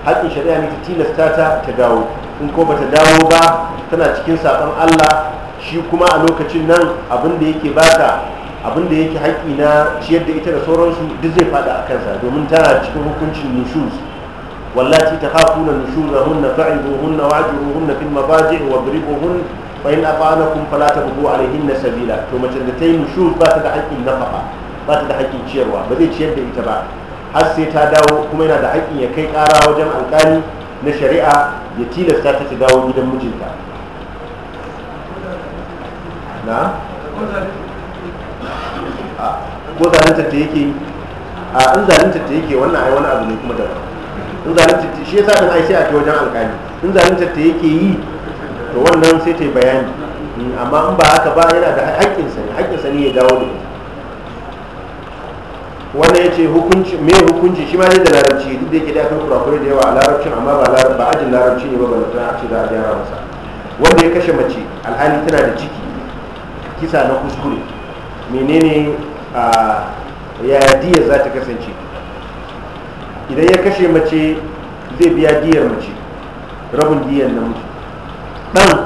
haƙƙin shari'a ne ta tilasta ta ta dawo in ko bata dawo ba tana cikin saƙon Allah shi kuma a lokacin nan abin da yake ta abin da yake haƙƙi na ciyar da ita da sauransu duk zai faɗa a kansa domin tana cikin hukuncin nushuz wallati takhafuna na fa'iduhunna wa'juruhunna fil mabaji' wadribuhunna fa in kun fala tabghu na sabila to mace da ta yi nushuz ba ta da haƙƙin nafaqa ba ta da haƙƙin ciyarwa ba zai ciyar da ita ba har sai ta dawo kuma yana da haƙƙin ya kai ƙara wajen alƙali na shari'a ya tilasta ta ta dawo gidan mijinta na? ko zalunta ta yake a in zalunta ta yake wannan ai wani abu ne kuma daban in zalunta ta shi yasa din ai sai a ta wajen alƙali in zalunta ta yake yi to wannan sai ta yi bayani amma in ba haka ba yana da haƙƙinsa ne haƙƙinsa ne ya dawo da ita wannan ya ce hukunci hukunci shi ma ne da larabci duk da yake da kan kurakure da yawa a larabcin amma ba larabci ba ajin larabci ne ba ba ta a ce za a gyara masa wanda ya kashe mace alhali tana da ciki kisa na kuskure menene a yaya diyar za ta kasance idan ya kashe mace zai biya diyar mace rabin diyar na dan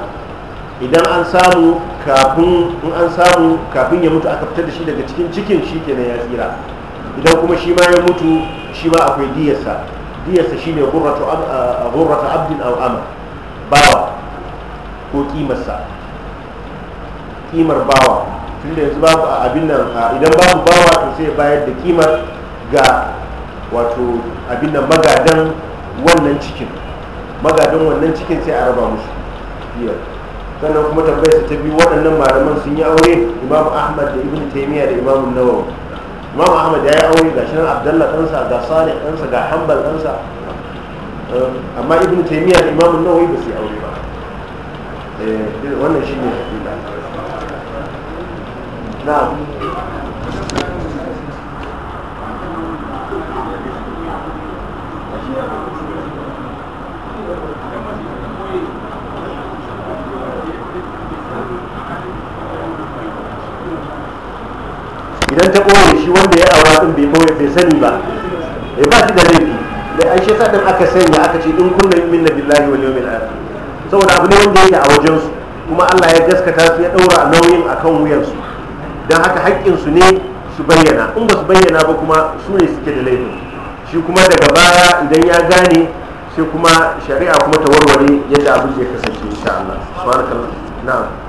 idan an samu kafin an samu kafin ya mutu aka fitar da shi daga cikin cikin shi kenan ya tsira idan kuma shi ma ya mutu shi ma akwai diyarsa diyarsa shi ne gurrata abdin al'ama bawa ko kimarsa kimar bawa tunda yanzu babu a abin nan idan babu bawa to sai bayar da kimar ga wato abin nan magadan wannan cikin magadan wannan cikin sai a raba musu biyar sannan kuma tambayarsa ta biyu waɗannan malaman sun yi aure imam ahmad da ibn taymiya da imam nawawi imam ahmad ya yi aure ga shi nan abdallah ɗansa ga salih ɗansa ga hanbal ɗansa um, amma ibn taymiya da imam nawawi ba su yi aure ba eh, wannan shi ne na idan ta ɓoye shi wanda ya aura ɗin bai bai sani ba ya eh, ba shi da laifi da an shi sadin aka sanya aka ce in kunna minna billahi wa yawmil akhir saboda abu ne wanda yake a wajensu kuma Allah ya gaskata su ya ɗaura a nauyin a kan wuyansu don haka haƙƙinsu su ne su bayyana in ba su bayyana ba kuma su ne suke da laifin shi kuma daga baya idan ya gane sai kuma shari'a kuma ta warware yadda abin zai kasance insha Allah subhanakallah na'am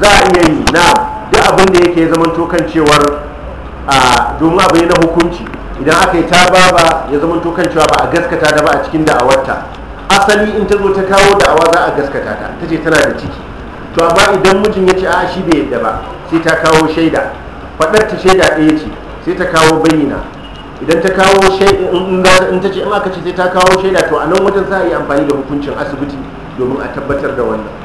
za a iya yi na duk abin da yake zama tokan cewar a domin abu na hukunci idan aka yi ta ba ya zama tokan cewa ba a gaskata da ba a cikin da'awarta asali in ta zo ta kawo da'awa za a gaskata ta ta ce tana da ciki to amma idan mijin ya ce a shi bai yadda ba sai ta kawo shaida faɗar ta shaida ɗaya ce sai ta kawo bayyana idan ta kawo in ta ce in aka ce sai ta kawo shaida to a nan wajen za a yi amfani da hukuncin asibiti domin a tabbatar da wannan